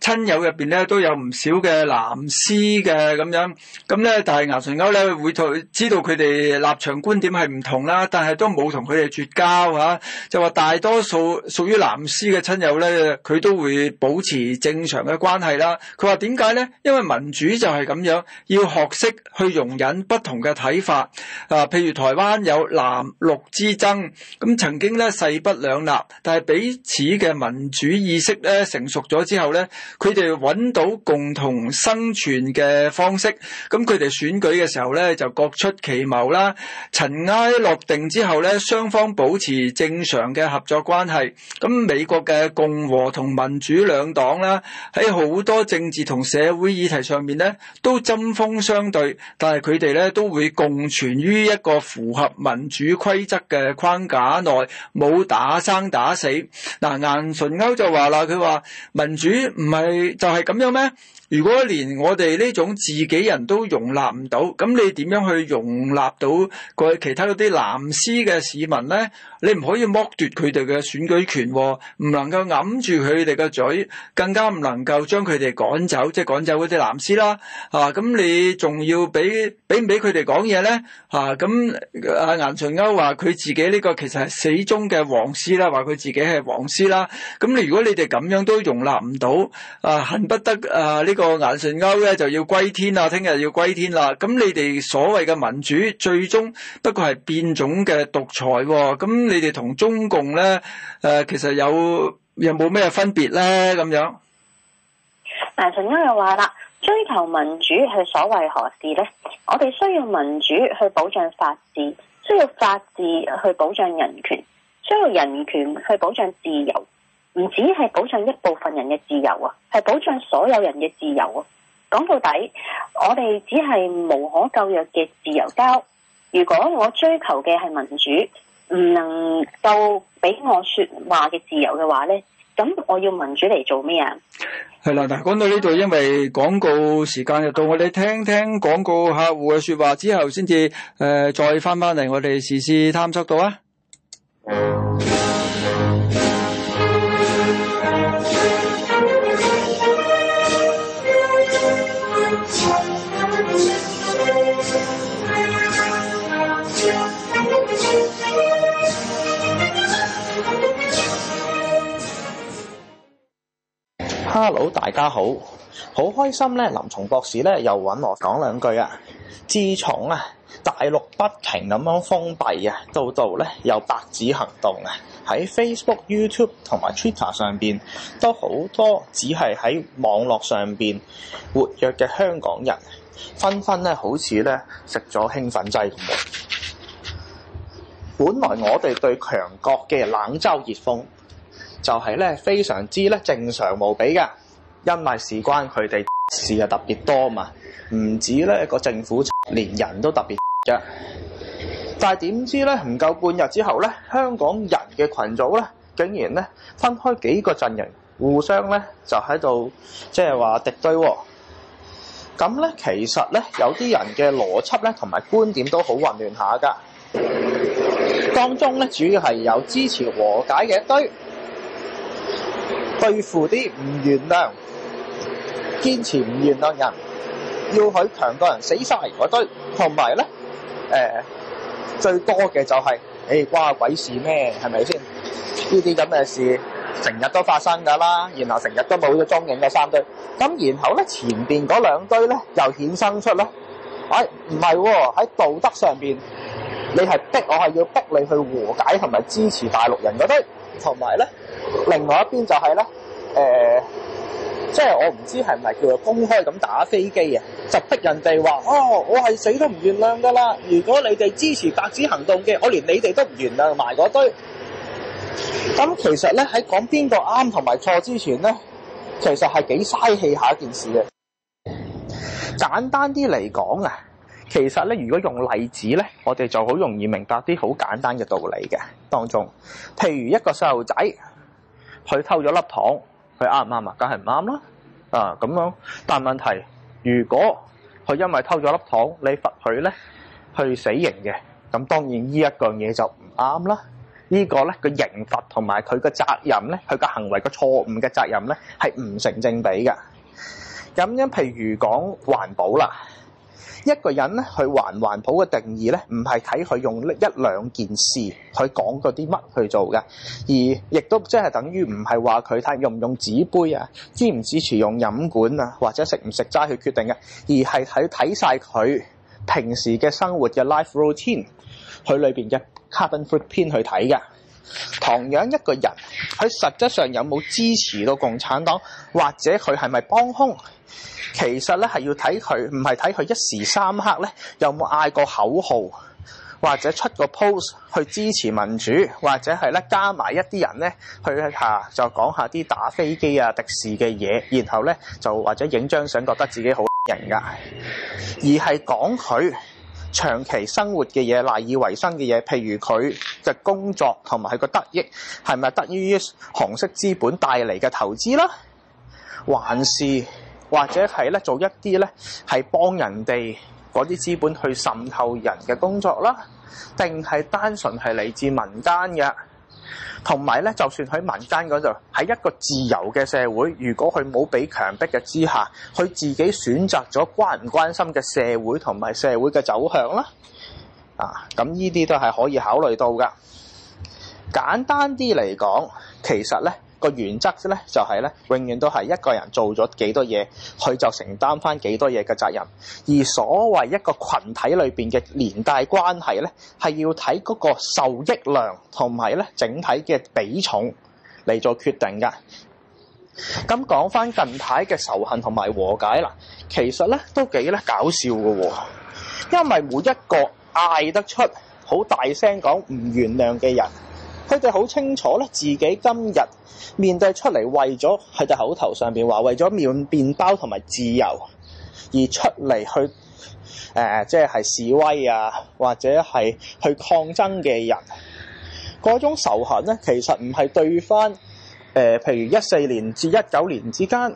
親友入邊咧都有唔少嘅藍絲嘅咁樣，咁咧但係顏純鈎咧會同知道佢哋立場觀點係唔同啦，但係都冇同佢哋絕交嚇、啊，就話大多數屬於藍絲嘅親友咧，佢都會保持正常嘅關係啦。佢話點解咧？因為民主就係咁樣，要學識去容忍不同嘅睇法啊。譬如台灣有藍綠之爭，咁曾經咧勢不兩立，但係彼此嘅民主意識咧成熟咗之後咧。佢哋揾到共同生存嘅方式，咁佢哋選舉嘅時候咧就各出奇謀啦。塵埃落定之後咧，雙方保持正常嘅合作關係。咁美國嘅共和同民主兩黨啦，喺好多政治同社會議題上面咧都針鋒相對，但係佢哋咧都會共存於一個符合民主規則嘅框架內，冇打生打死。嗱、啊，顏純鈎就話啦，佢話民主唔。係就係咁樣咩？如果連我哋呢種自己人都容納唔到，咁你點樣去容納到個其他嗰啲藍絲嘅市民咧？你唔可以剝奪佢哋嘅選舉權，哦，唔能夠揞住佢哋嘅嘴，更加唔能夠將佢哋趕走，即係趕走嗰啲藍絲啦。啊，咁你仲要俾俾唔俾佢哋講嘢咧？啊，咁阿顏純鈎話佢自己呢個其實係死忠嘅黃絲啦，話佢自己係黃絲啦。咁你如果你哋咁樣都容納唔到，啊恨不得啊呢？個顏純鈎咧就要歸天啦，聽日要歸天啦。咁你哋所謂嘅民主，最終不過係變種嘅獨裁，哦。咁你哋同中共咧誒、呃，其實有有冇咩分別咧？咁樣顏純鈎又話啦：追求民主係所謂何事咧？我哋需要民主去保障法治，需要法治去保障人權，需要人權去保障自由。唔止係保障一部分人嘅自由啊，係保障所有人嘅自由啊！講到底，我哋只係無可救藥嘅自由膠。如果我追求嘅係民主，唔能夠俾我說話嘅自由嘅話呢，咁我要民主嚟做咩啊？係啦，嗱，講到呢度，因為廣告時間又到，我哋聽聽廣告客戶嘅說話之後，先至誒再翻返嚟，我哋試試探索到啊！ Hello 大家好，好開心咧！林松博士咧又搵我講兩句啊。自從啊大陸不停咁樣封閉啊，到度咧有白紙行動啊，喺 Facebook、YouTube 同埋 Twitter 上邊都好多只係喺網絡上邊活躍嘅香港人，紛紛咧好似咧食咗興奮劑咁。本來我哋對強國嘅冷嘲熱諷。就係咧，非常之咧正常無比嘅，因為事關佢哋事啊特別多嘛，唔止咧個政府連人都特別嘅。但係點知咧唔夠半日之後咧，香港人嘅群組咧，竟然咧分開幾個陣營，互相咧就喺度即係話敵對喎。咁咧其實咧有啲人嘅邏輯咧同埋觀點都好混亂下噶，當中咧主要係有支持和解嘅一堆。對付啲唔原諒、堅持唔原諒人，要佢強過人死晒嗰堆，同埋咧，誒、呃，最多嘅就係、是，誒、哎，瓜、呃、個鬼事咩？係咪先？呢啲咁嘅事，成日都發生噶啦，然後成日都冇咗蹤影嘅三堆，咁然後咧，前邊嗰兩堆咧，又衍生出咧，哎，唔係喎，喺道德上邊，你係逼我係要逼你去和解，同埋支持大陸人嗰堆。同埋咧，另外一邊就係咧，誒、呃，即係我唔知係咪叫做公開咁打飛機啊，就逼人哋話，哦，我係死都唔原諒㗎喇，如果你哋支持白紙行動嘅，我連你哋都唔原諒埋嗰堆。咁、嗯、其實咧，喺講邊個啱同埋錯之前咧，其實係幾嘥氣下一件事嘅。簡單啲嚟講啊。其實咧，如果用例子咧，我哋就好容易明白啲好簡單嘅道理嘅。當中，譬如一個細路仔佢偷咗粒糖，佢啱唔啱啊？梗係唔啱啦。啊咁樣，但問題如果佢因為偷咗粒糖，你罰佢咧去死刑嘅，咁當然、這個、呢一樣嘢就唔啱啦。呢個咧個刑罰同埋佢嘅責任咧，佢嘅行為嘅錯誤嘅責任咧，係唔成正比㗎。咁樣譬如講環保啦。一個人咧去環環保嘅定義咧，唔係睇佢用一兩件事去講嗰啲乜去做嘅，而亦都即係等於唔係話佢睇用唔用紙杯啊，支唔支持用飲管啊，或者食唔食齋去決定嘅，而係睇睇晒佢平時嘅生活嘅 life routine，佢裏邊嘅 carbon footprint 去睇嘅。同樣一個人，佢實質上有冇支持到共產黨，或者佢係咪幫兇？其實咧係要睇佢，唔係睇佢一時三刻咧有冇嗌過口號，或者出個 pose 去支持民主，或者係咧加埋一啲人咧去下就講下啲打飛機啊、敵視嘅嘢，然後咧就或者影張相覺得自己好人㗎，而係講佢。長期生活嘅嘢、賴以為生嘅嘢，譬如佢嘅工作同埋佢個得益，係咪得於於紅色資本帶嚟嘅投資啦？還是或者係咧做一啲咧係幫人哋嗰啲資本去滲透人嘅工作啦？定係單純係嚟自民間嘅？同埋咧，就算喺民間嗰度，喺一個自由嘅社會，如果佢冇被強迫嘅之下，佢自己選擇咗關唔關心嘅社會同埋社會嘅走向啦。啊，咁呢啲都係可以考慮到噶。簡單啲嚟講，其實咧。個原則咧就係、是、咧，永遠都係一個人做咗幾多嘢，佢就承擔翻幾多嘢嘅責任。而所謂一個群體裏邊嘅連帶關係咧，係要睇嗰個受益量同埋咧整體嘅比重嚟做決定㗎。咁講翻近排嘅仇恨同埋和解啦，其實咧都幾咧搞笑嘅喎、哦，因為每一個嗌得出好大聲講唔原諒嘅人。佢哋好清楚咧，自己今日面對出嚟，為咗佢哋口頭上邊話，為咗麵麵包同埋自由而出嚟去誒，即、呃、係、就是、示威啊，或者係去抗爭嘅人，嗰種仇恨咧，其實唔係對翻誒、呃，譬如一四年至一九年之間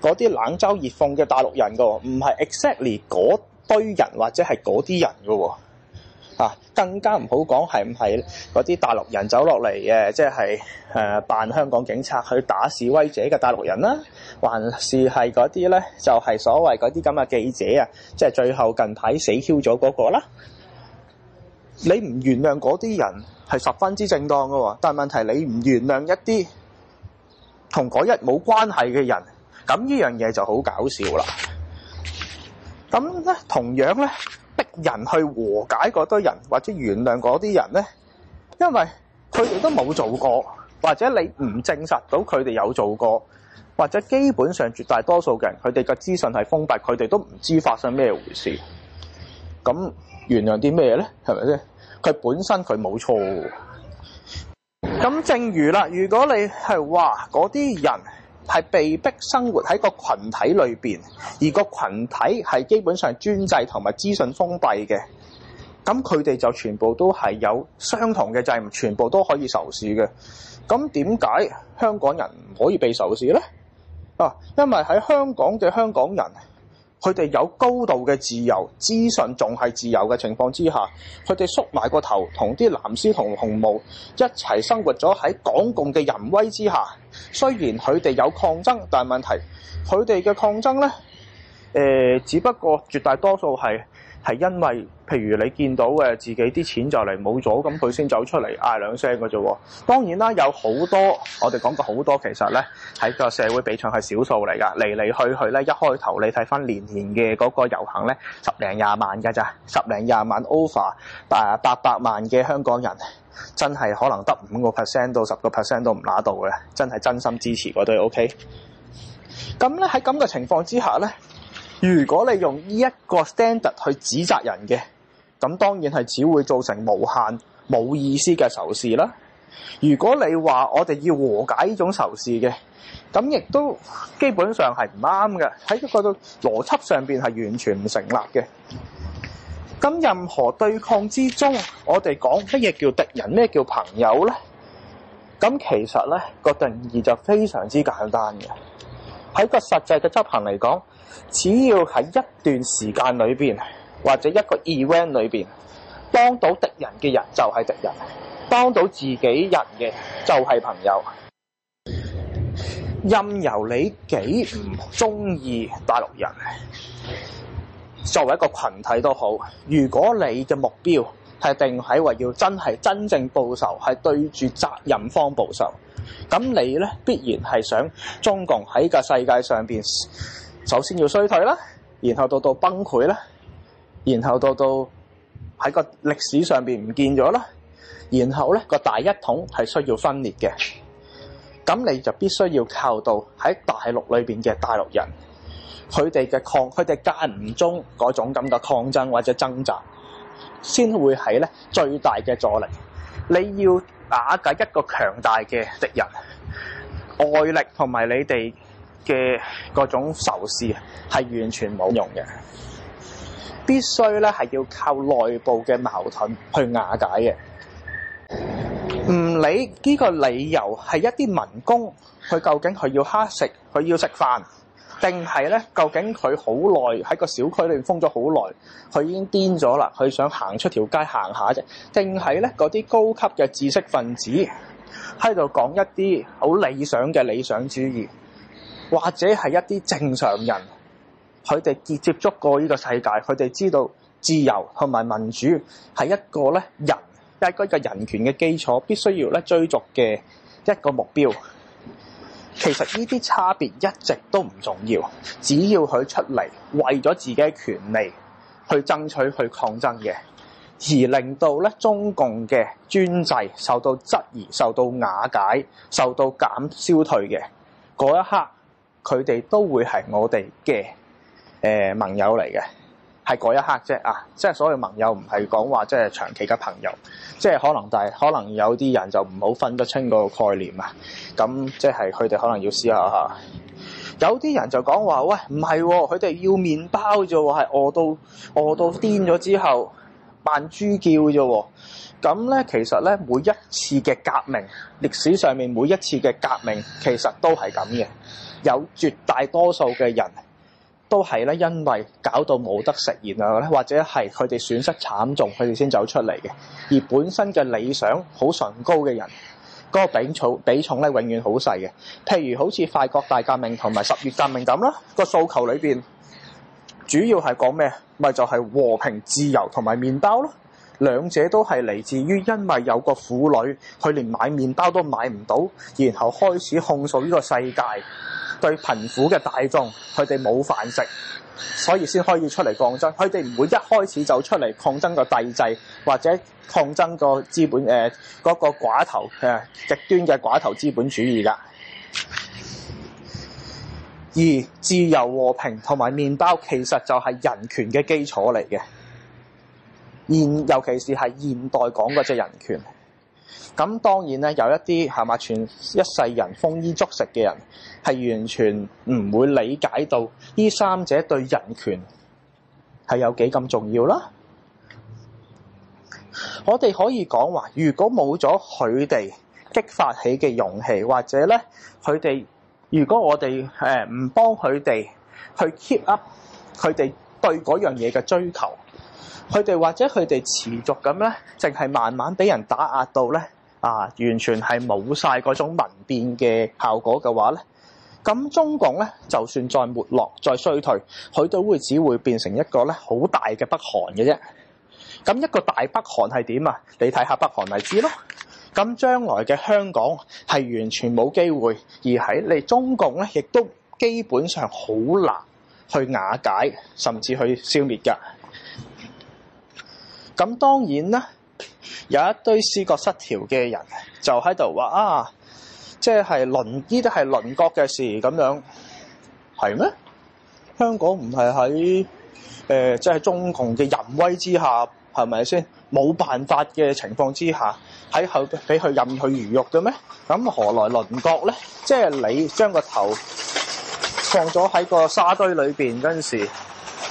嗰啲冷嘲熱諷嘅大陸人噶，唔係 exactly 嗰堆人或者係嗰啲人噶。嚇、啊，更加唔好講係唔係嗰啲大陸人走落嚟嘅，即係誒、呃、扮香港警察去打示威者嘅大陸人啦，還是係嗰啲呢？就係、是、所謂嗰啲咁嘅記者啊，即係最後近排死 Q 咗嗰個啦。 你唔原諒嗰啲人係十分之正當嘅喎，但係問題你唔原諒一啲同嗰日冇關係嘅人，咁呢樣嘢就好搞笑啦。咁咧，同樣呢。人去和解嗰堆人或者原諒嗰啲人咧，因為佢哋都冇做過，或者你唔證實到佢哋有做過，或者基本上絕大多數嘅人，佢哋嘅資訊係封閉，佢哋都唔知發生咩回事。咁原諒啲咩咧？係咪先？佢本身佢冇錯，咁正如啦，如果你係話嗰啲人。係被逼生活喺個群體裏邊，而個群體係基本上專制同埋資訊封閉嘅。咁佢哋就全部都係有相同嘅制度，全部都可以仇視嘅。咁點解香港人唔可以被仇視呢？啊，因為喺香港嘅香港人。佢哋有高度嘅自由，資訊仲係自由嘅情況之下，佢哋縮埋個頭，同啲藍絲同紅毛一齊生活咗喺港共嘅淫威之下。雖然佢哋有抗爭，但係問題，佢哋嘅抗爭咧，誒、呃、只不過絕大多數係係因為。譬如你見到誒自己啲錢就嚟冇咗，咁佢先走出嚟嗌兩聲嘅啫。當然啦，有好多我哋講過好多，其實咧喺個社會比重係少數嚟㗎。嚟嚟去去咧，一開頭你睇翻年年嘅嗰個遊行咧，十零廿萬㗎咋，十零廿萬 over 誒八百萬嘅香港人，真係可能得五個 percent 到十個 percent 都唔拿到嘅，真係真心支持嗰堆 OK。咁咧喺咁嘅情況之下咧，如果你用呢一個 standard 去指責人嘅，咁當然係只會造成無限冇意思嘅仇視啦。如果你話我哋要和解呢種仇視嘅，咁亦都基本上係唔啱嘅，喺一個邏輯上邊係完全唔成立嘅。咁任何對抗之中，我哋講乜嘢叫敵人，咩叫朋友呢？咁其實呢個定義就非常之簡單嘅。喺個實際嘅執行嚟講，只要喺一段時間裏邊，或者一個 event 裏邊幫到敵人嘅人就係敵人，幫到自己人嘅就係朋友。 任由你幾唔中意大陸人作為一個群體都好，如果你嘅目標係定喺話要真係真正報仇，係對住責任方報仇，咁你咧必然係想中共喺個世界上邊首先要衰退啦，然後到到崩潰咧。然後到到喺個歷史上邊唔見咗啦，然後咧個大一統係需要分裂嘅，咁你就必須要靠到喺大陸裏邊嘅大陸人，佢哋嘅抗佢哋間唔中嗰種咁嘅抗爭或者掙扎，先會係咧最大嘅阻力。你要打解一個強大嘅敵人，外力同埋你哋嘅嗰種仇視係完全冇用嘅。必須咧係要靠內部嘅矛盾去瓦解嘅。唔理呢個理由係一啲民工，佢究竟佢要乞食，佢要食飯，定係咧究竟佢好耐喺個小區裏面封咗好耐，佢已經癲咗啦，佢想行出條街行下啫，定係咧嗰啲高級嘅知識分子喺度講一啲好理想嘅理想主義，或者係一啲正常人。佢哋接觸過呢個世界，佢哋知道自由同埋民主係一個咧人一個一個人權嘅基礎，必須要咧追逐嘅一個目標。其實呢啲差別一直都唔重要，只要佢出嚟為咗自己嘅權利去爭取、去抗爭嘅，而令到咧中共嘅專制受到質疑、受到瓦解、受到減消退嘅嗰一刻，佢哋都會係我哋嘅。誒、呃、盟友嚟嘅，係嗰一刻啫啊！即係所謂盟友講，唔係講話即係長期嘅朋友，即係可能就係可能有啲人就唔好分得清個概念啊！咁即係佢哋可能要思下下。有啲人就講話：喂，唔係、哦，佢哋要麵包啫，係餓到餓到癲咗之後扮豬叫啫。咁、啊、咧，其實咧，每一次嘅革命，歷史上面每一次嘅革命，其實都係咁嘅，有絕大多數嘅人。都係咧，因為搞到冇得食，然後咧，或者係佢哋損失慘重，佢哋先走出嚟嘅。而本身嘅理想好崇高嘅人，嗰個比重比重咧，永遠好細嘅。譬如好似法國大革命同埋十月革命咁啦，個訴求裏邊主要係講咩？咪就係和平、自由同埋麵包咯。兩者都係嚟自於因為有個婦女，佢連買麵包都買唔到，然後開始控訴呢個世界。對貧苦嘅大眾，佢哋冇飯食，所以先可以出嚟抗爭。佢哋唔會一開始就出嚟抗爭個帝制，或者抗爭個資本誒嗰、呃那個、寡頭誒、呃、極端嘅寡頭資本主義㗎。而自由和平同埋麵包其實就係人權嘅基礎嚟嘅，而尤其是係現代講嗰隻人權。咁當然咧，有一啲係嘛，全一世人豐衣足食嘅人，係完全唔會理解到呢三者對人權係有幾咁重要啦。我哋可以講話，如果冇咗佢哋激發起嘅勇氣，或者咧佢哋，如果我哋誒唔幫佢哋去 keep up 佢哋對嗰樣嘢嘅追求。佢哋或者佢哋持續咁咧，淨係慢慢俾人打壓到咧，啊，完全係冇晒嗰種民變嘅效果嘅話咧，咁中共咧就算再沒落、再衰退，佢都會只會變成一個咧好大嘅北韓嘅啫。咁一個大北韓係點啊？你睇下北韓咪知咯。咁將來嘅香港係完全冇機會，而喺你中共咧，亦都基本上好難去瓦解，甚至去消滅噶。咁當然咧，有一堆思覺失調嘅人就喺度話啊，即係鄰啲都係鄰國嘅事咁樣，係咩？香港唔係喺誒即係中共嘅淫威之下，係咪先？冇辦法嘅情況之下，喺後俾佢任佢魚肉嘅咩？咁何來鄰國咧？即係你將個頭放咗喺個沙堆裏邊嗰陣時。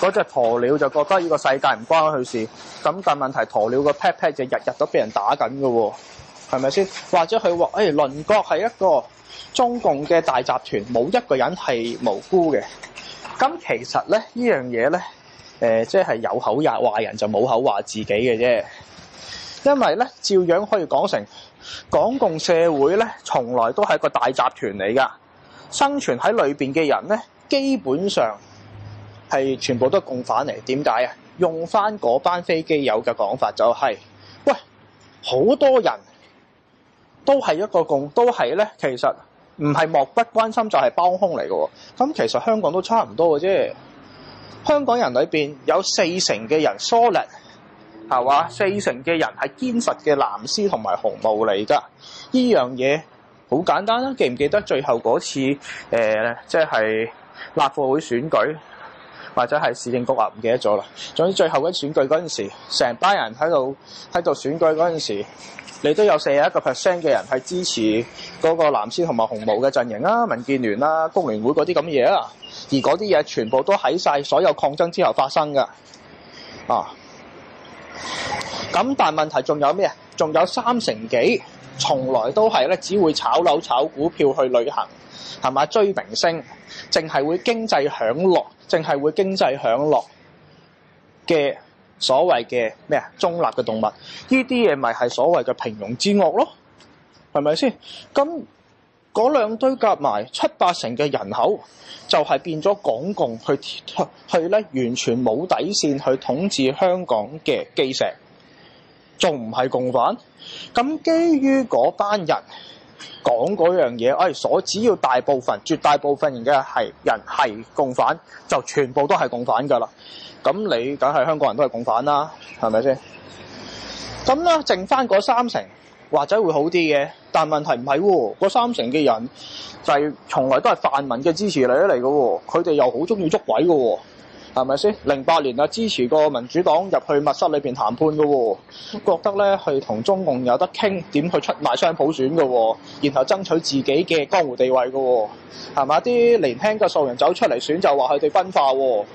嗰隻鴕鳥就覺得呢個世界唔關佢事，咁但問題鴕鳥個 pat pat 就日日都俾人打緊嘅喎，係咪先？或者佢話：誒、哎，鄰國係一個中共嘅大集團，冇一個人係無辜嘅。咁其實咧，呢樣嘢咧，誒、呃，即係有口話人就冇口話自己嘅啫，因為咧，照樣可以講成港共社會咧，從來都係個大集團嚟㗎，生存喺裏邊嘅人咧，基本上。係全部都係共犯嚟，點解啊？用翻嗰班飛機友嘅講法就係、是、喂，好多人都係一個共，都係咧。其實唔係漠不關心，就係幫兇嚟嘅。咁其實香港都差唔多嘅啫。香港人裏邊有四成嘅人疏離，係嘛？四成嘅人係堅實嘅藍絲同埋紅毛嚟㗎。依樣嘢好簡單啦，記唔記得最後嗰次誒、呃，即係立法會選舉？或者係市政局啊，唔記得咗啦。總之最後嗰啲選舉嗰時，成班人喺度喺度選舉嗰陣時，你都有四十一個 percent 嘅人係支持嗰個藍絲同埋紅毛嘅陣營啊，民建聯啦、啊、工聯會嗰啲咁嘢啊。而嗰啲嘢全部都喺晒所有抗爭之後發生嘅啊。咁但係問題仲有咩啊？仲有三成幾，從來都係咧，只會炒樓、炒股票去旅行。係嘛？追明星，淨係會經濟享樂，淨係會經濟享樂嘅所謂嘅咩啊？中立嘅動物，呢啲嘢咪係所謂嘅平庸之惡咯？係咪先？咁嗰兩堆夾埋，七八成嘅人口就係、是、變咗港共去去咧，完全冇底線去統治香港嘅基石，仲唔係共犯？咁基於嗰班人。講嗰樣嘢，誒、哎、所只要大部分、絕大部分人嘅係人係共犯，就全部都係共犯㗎啦。咁你梗係香港人都係共犯啦，係咪先？咁咧，剩翻嗰三成，或者會好啲嘅。但問題唔係喎，嗰三成嘅人就係從來都係泛民嘅支持者嚟嘅喎，佢哋又好鍾意捉鬼嘅喎、哦。係咪先？零八年啊，支持個民主黨入去密室裏邊談判嘅喎、哦，覺得咧係同中共有得傾，點去出賣雙普選嘅喎、哦，然後爭取自己嘅江湖地位嘅喎、哦，係咪啲年輕嘅素人走出嚟選就話佢哋分化喎、哦，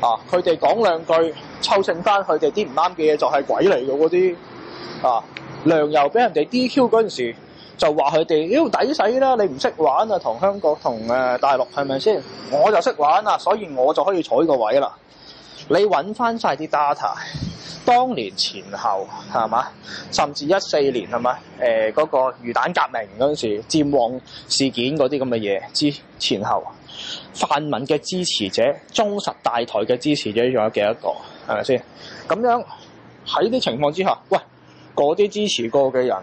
啊，佢哋講兩句，抽成翻佢哋啲唔啱嘅嘢就係鬼嚟嘅嗰啲，啊，梁游俾人哋 DQ 嗰陣時。就話佢哋要抵死啦！你唔識玩啊，同香港同誒大陸係咪先？我就識玩啊，所以我就可以坐呢個位啦。你揾翻晒啲 data，當年前後係嘛？甚至一四年係嘛？誒嗰個魚蛋革命嗰陣時佔旺事件嗰啲咁嘅嘢之前後，泛民嘅支持者、忠實大台嘅支持者仲有幾多個？係咪先？咁樣喺啲情況之下，喂，嗰啲支持過嘅人。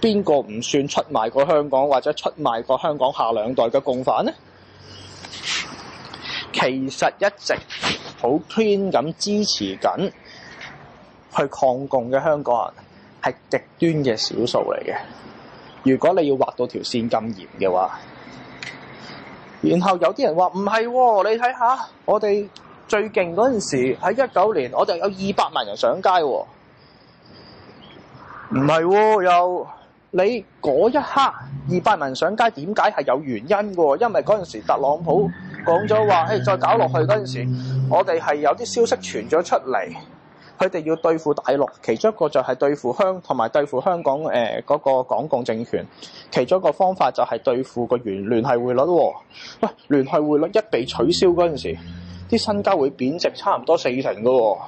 邊個唔算出賣過香港或者出賣過香港下兩代嘅共犯呢？其實一直好偏咁支持緊去抗共嘅香港人係極端嘅少數嚟嘅。如果你要畫到條線咁嚴嘅話，然後有啲人話唔係，你睇下，我哋最勁嗰陣時喺一九年，我哋有二百萬人上街喎，唔係，喎，有。你嗰一刻二百萬上街，點解係有原因嘅？因為嗰陣時特朗普講咗話，誒再搞落去嗰陣時，我哋係有啲消息傳咗出嚟，佢哋要對付大陸，其中一個就係對付香同埋對付香港誒嗰個港共政權，其中一個方法就係對付個元聯繫匯率。喂，聯繫匯率一被取消嗰陣時，啲身家會貶值差唔多四成嘅喎，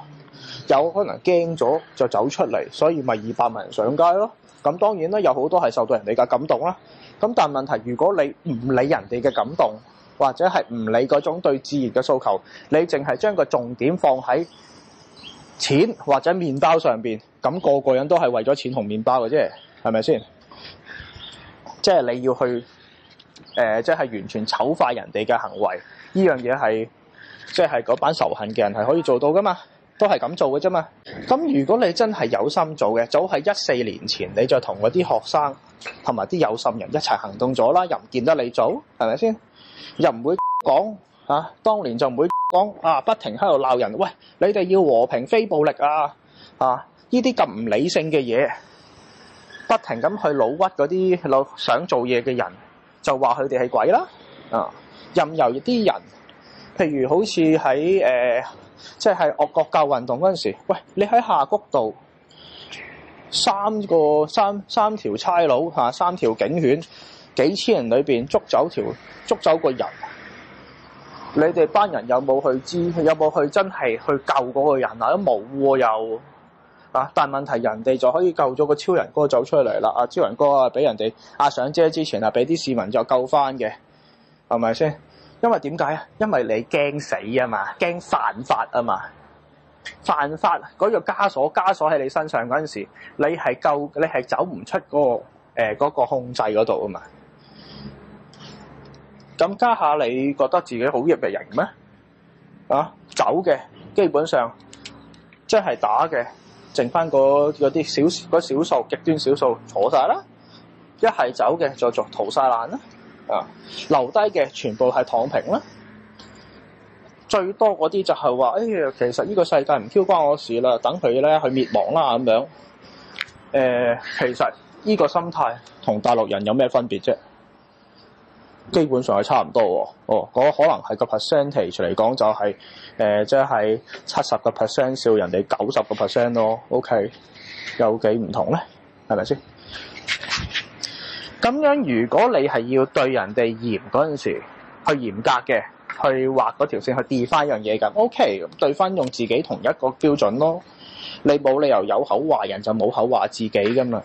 有可能驚咗就走出嚟，所以咪二百萬人上街咯。咁當然啦，有好多係受到人哋嘅感動啦。咁但問題，如果你唔理人哋嘅感動，或者係唔理嗰種對自然嘅訴求，你淨係將個重點放喺錢或者麵包上邊，咁個個人都係為咗錢同麵包嘅啫，係咪先？即係你要去誒，即係完全醜化人哋嘅行為，呢樣嘢係即係嗰班仇恨嘅人係可以做到㗎嘛。都係咁做嘅啫嘛。咁如果你真係有心做嘅，早喺一四年前，你就同嗰啲學生同埋啲有心人一齊行動咗啦。又唔見得你做，係咪先？又唔會講嚇，啊，當年就唔會講啊，不停喺度鬧人。喂，你哋要和平非暴力啊！啊，呢啲咁唔理性嘅嘢，不停咁去老屈嗰啲老想做嘢嘅人，就話佢哋係鬼啦。啊，任由啲人，譬如好似喺誒。啊即係愛國救運動嗰陣時，喂，你喺夏慤道，三個三三條差佬吓，三條警犬，幾千人裏邊捉走條捉走個人，你哋班人有冇去知？有冇去真係去救嗰個人啊？都冇、啊、又啊！但係問題人哋就可以救咗個超人哥走出嚟啦。阿、啊、超人哥啊，俾人哋阿、啊、上姐之前啊，俾啲市民就救翻嘅，係咪先？因為點解啊？因為你驚死啊嘛，驚犯法啊嘛，犯法嗰個枷鎖，枷鎖喺你身上嗰陣時，你係救你係走唔出嗰個誒、呃嗰個控制嗰度啊嘛。咁家下你覺得自己好弱嘅人咩？啊，走嘅基本上，即係打嘅，剩翻嗰啲小嗰少數極端少數坐晒啦，一係走嘅就做逃晒爛啦。啊！留低嘅全部係躺平啦，最多嗰啲就係話，哎呀，其實呢個世界唔 Q 關我事啦，等佢咧去滅亡啦咁樣。誒、呃，其實呢個心態同大陸人有咩分別啫？基本上係差唔多喎、哦。哦，我、那個、可能係個 percentage 嚟講就係、是，誒、呃，即係七十個 percent 笑人哋九十個 percent 咯。OK，有幾唔同咧？係咪先？咁樣，如果你係要對人哋嚴嗰陣時，去嚴格嘅，去畫嗰條線去 define 一樣嘢咁，OK，對翻用自己同一個標準咯。你冇理由有口話人就冇口話自己噶嘛？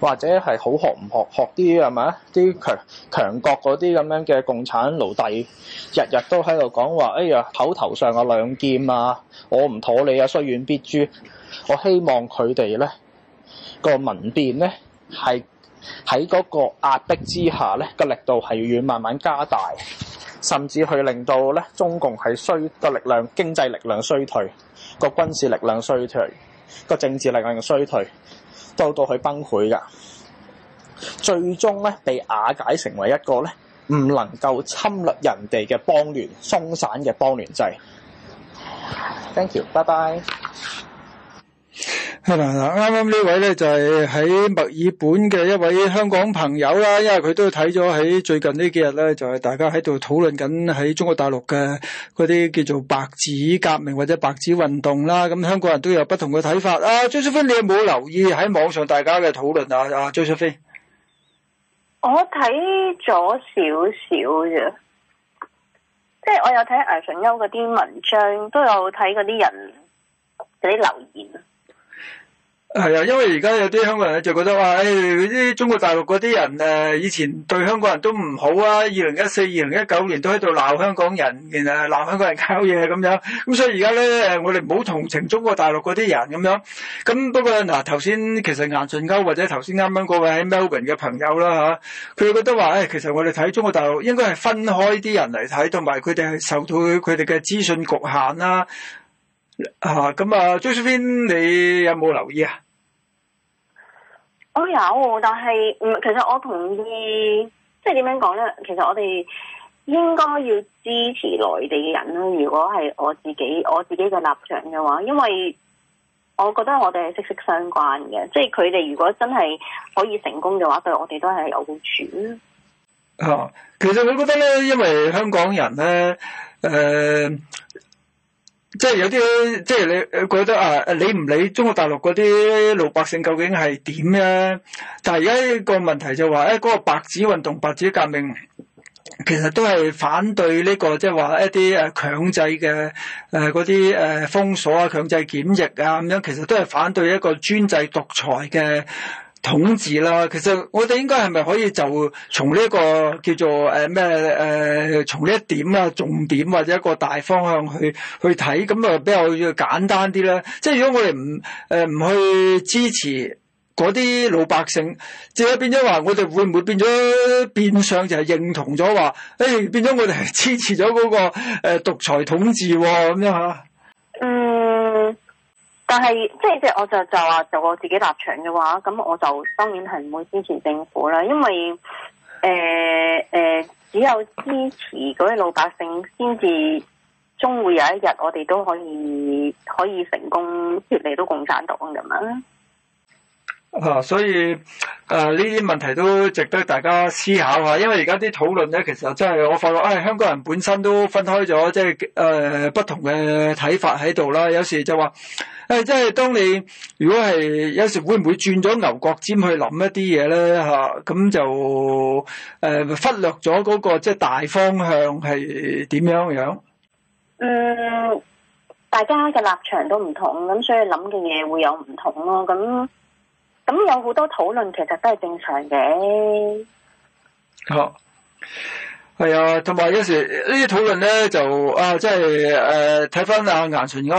或者係好學唔學學啲係咪啲強強國嗰啲咁樣嘅共產奴隸，日日都喺度講話，哎呀，口頭上嘅兩劍啊，我唔妥你啊，雖遠必誅。我希望佢哋咧個民變咧係。喺嗰個壓迫之下咧，個力度係要慢慢加大，甚至去令到咧中共係衰個力量，經濟力量衰退，個軍事力量衰退，個政治力量衰退，到到佢崩潰噶，最終咧被瓦解成為一個咧唔能夠侵略人哋嘅邦聯，鬆散嘅邦聯制。Thank you，拜拜。嗱，啱啱呢位咧就係喺墨爾本嘅一位香港朋友啦，因為佢都睇咗喺最近幾呢幾日咧，就係、是、大家喺度討論緊喺中國大陸嘅嗰啲叫做白紙革命或者白紙運動啦，咁、嗯、香港人都有不同嘅睇法。阿張淑芬，aye, 你有冇留意喺網上大家嘅討論啊？阿張淑芬，我睇咗少少啫，即係我有睇顏純鈎嗰啲文章，都有睇嗰啲人嗰啲留言。係啊，因為而家有啲香港人就覺得話，誒、哎，嗰啲中國大陸嗰啲人誒，以前對香港人都唔好啊，二零一四、二零一九年都喺度鬧香港人，誒，鬧香港人搞嘢咁樣。咁所以而家咧，誒，我哋唔好同情中國大陸嗰啲人咁樣。咁不過嗱，頭、啊、先其實顏純鈎或者頭先啱啱嗰位喺 Melbourne 嘅朋友啦吓，佢、啊、覺得話，誒、哎，其實我哋睇中國大陸應該係分開啲人嚟睇，同埋佢哋係受到佢哋嘅資訊局限啦。吓、啊，咁啊 Josephine 你有冇留意啊？都有，但係唔，其實我同意，即係點樣講咧？其實我哋應該要支持內地嘅人啦。如果係我自己我自己嘅立場嘅話，因為我覺得我哋係息息相關嘅，即係佢哋如果真係可以成功嘅話，對我哋都係有好處啦、啊。其實我覺得咧，因為香港人咧，誒、呃。即係有啲即係你覺得啊，理唔理中國大陸嗰啲老百姓究竟係點咧？但係而家個問題就話，誒嗰個白紙運動、白紙革命，其實都係反對呢個即係話一啲誒強制嘅誒嗰啲誒封鎖啊、強制檢疫啊咁樣，其實都係反對一個專制獨裁嘅統治啦，其實我哋應該係咪可以就從呢、這、一個叫做誒咩誒從呢一點啊重點或者一個大方向去去睇，咁啊比較簡單啲咧？即係如果我哋唔誒唔去支持嗰啲老百姓，即係變咗話，我哋會唔會變咗變相就係認同咗話，誒、欸、變咗我哋係支持咗嗰、那個誒、呃、獨裁統治喎、哦？咁樣嚇。但係，即係即係，我就就話就我自己立場嘅話，咁我就當然係唔會支持政府啦。因為，誒、呃、誒、呃，只有支持嗰啲老百姓，先至終會有一日，我哋都可以可以成功脫離到共產黨咁樣。啊，所以誒呢啲問題都值得大家思考下，因為而家啲討論咧，其實真係我發覺，誒、哎、香港人本身都分開咗，即係誒不同嘅睇法喺度啦。有時就話，誒即係當你如果係有時會唔會轉咗牛角尖去諗一啲嘢咧？嚇、啊，咁就誒、呃、忽略咗嗰、嗰個即係、即係、大方向係點樣樣？誒、嗯，大家嘅立場都唔同，咁所以諗嘅嘢會有唔同咯、啊，咁。咁有好多討論，其實都係正常嘅。好，係啊，同埋、啊、有時呢啲討論咧，就啊，即係誒睇翻阿顏純鈎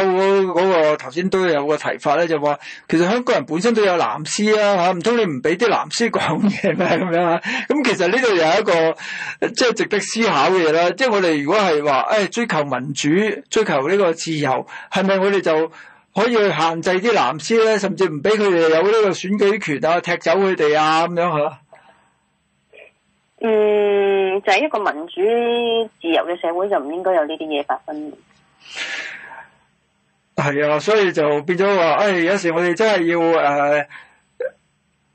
嗰、那個頭先、那個、都有個提法咧，就話其實香港人本身都有藍絲啊嚇，唔通你唔俾啲藍絲講嘢咩咁樣啊？咁其實呢度又係一個即係、就是、值得思考嘅嘢啦。即、就、係、是、我哋如果係話誒追求民主、追求呢個自由，係咪我哋就？可以去限制啲藍絲咧，甚至唔俾佢哋有呢個選舉權啊，踢走佢哋啊咁樣吓。嗯，就係、是、一個民主自由嘅社會，就唔應該有呢啲嘢發生。係啊，所以就變咗話，唉、哎，有時我哋真係要誒，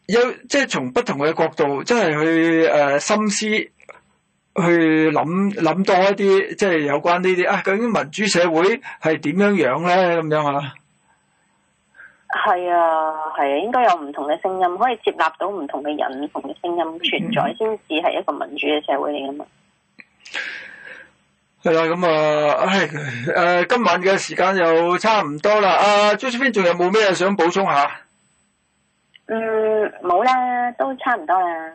要，即係從不同嘅角度真，真係去誒深思去，去諗諗多一啲，即、就、係、是、有關呢啲啊，究竟民主社會係點樣呢樣咧？咁樣吓。係啊，係啊，應該有唔同嘅聲音，可以接納到唔同嘅人、唔同嘅聲音存在，先至係一個民主嘅社會嚟噶嘛。係啦，咁啊，誒，今晚嘅時間又差唔多啦。阿 j o s e p 仲有冇咩想補充下？嗯，冇、嗯、啦，都差唔多啦。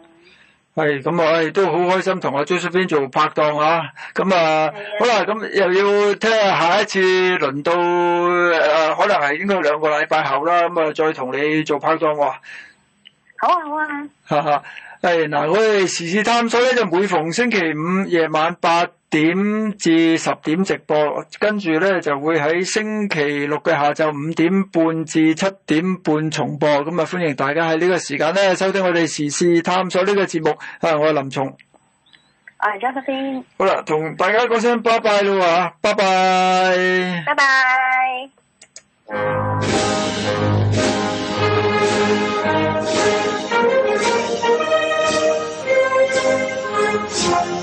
係咁、哎、啊，都好開心同阿張叔邊做拍檔啊！咁啊，好啦，咁又要聽下下一次輪到誒、啊，可能係應該兩個禮拜後啦。咁啊，再同你做拍檔喎、啊。好啊，好啊。哈哈、 哎，係嗱，我哋時事探索咧，就每逢星期五夜晚八。點至十點直播，跟住咧就會喺星期六嘅下晝五點半至七點半重播，咁啊歡迎大家喺呢個時間咧收聽我哋時事探索呢個節目。啊，我係林松。啊，我係 Jackson。好啦，同大家講聲拜拜啦拜拜。拜拜。Bye bye.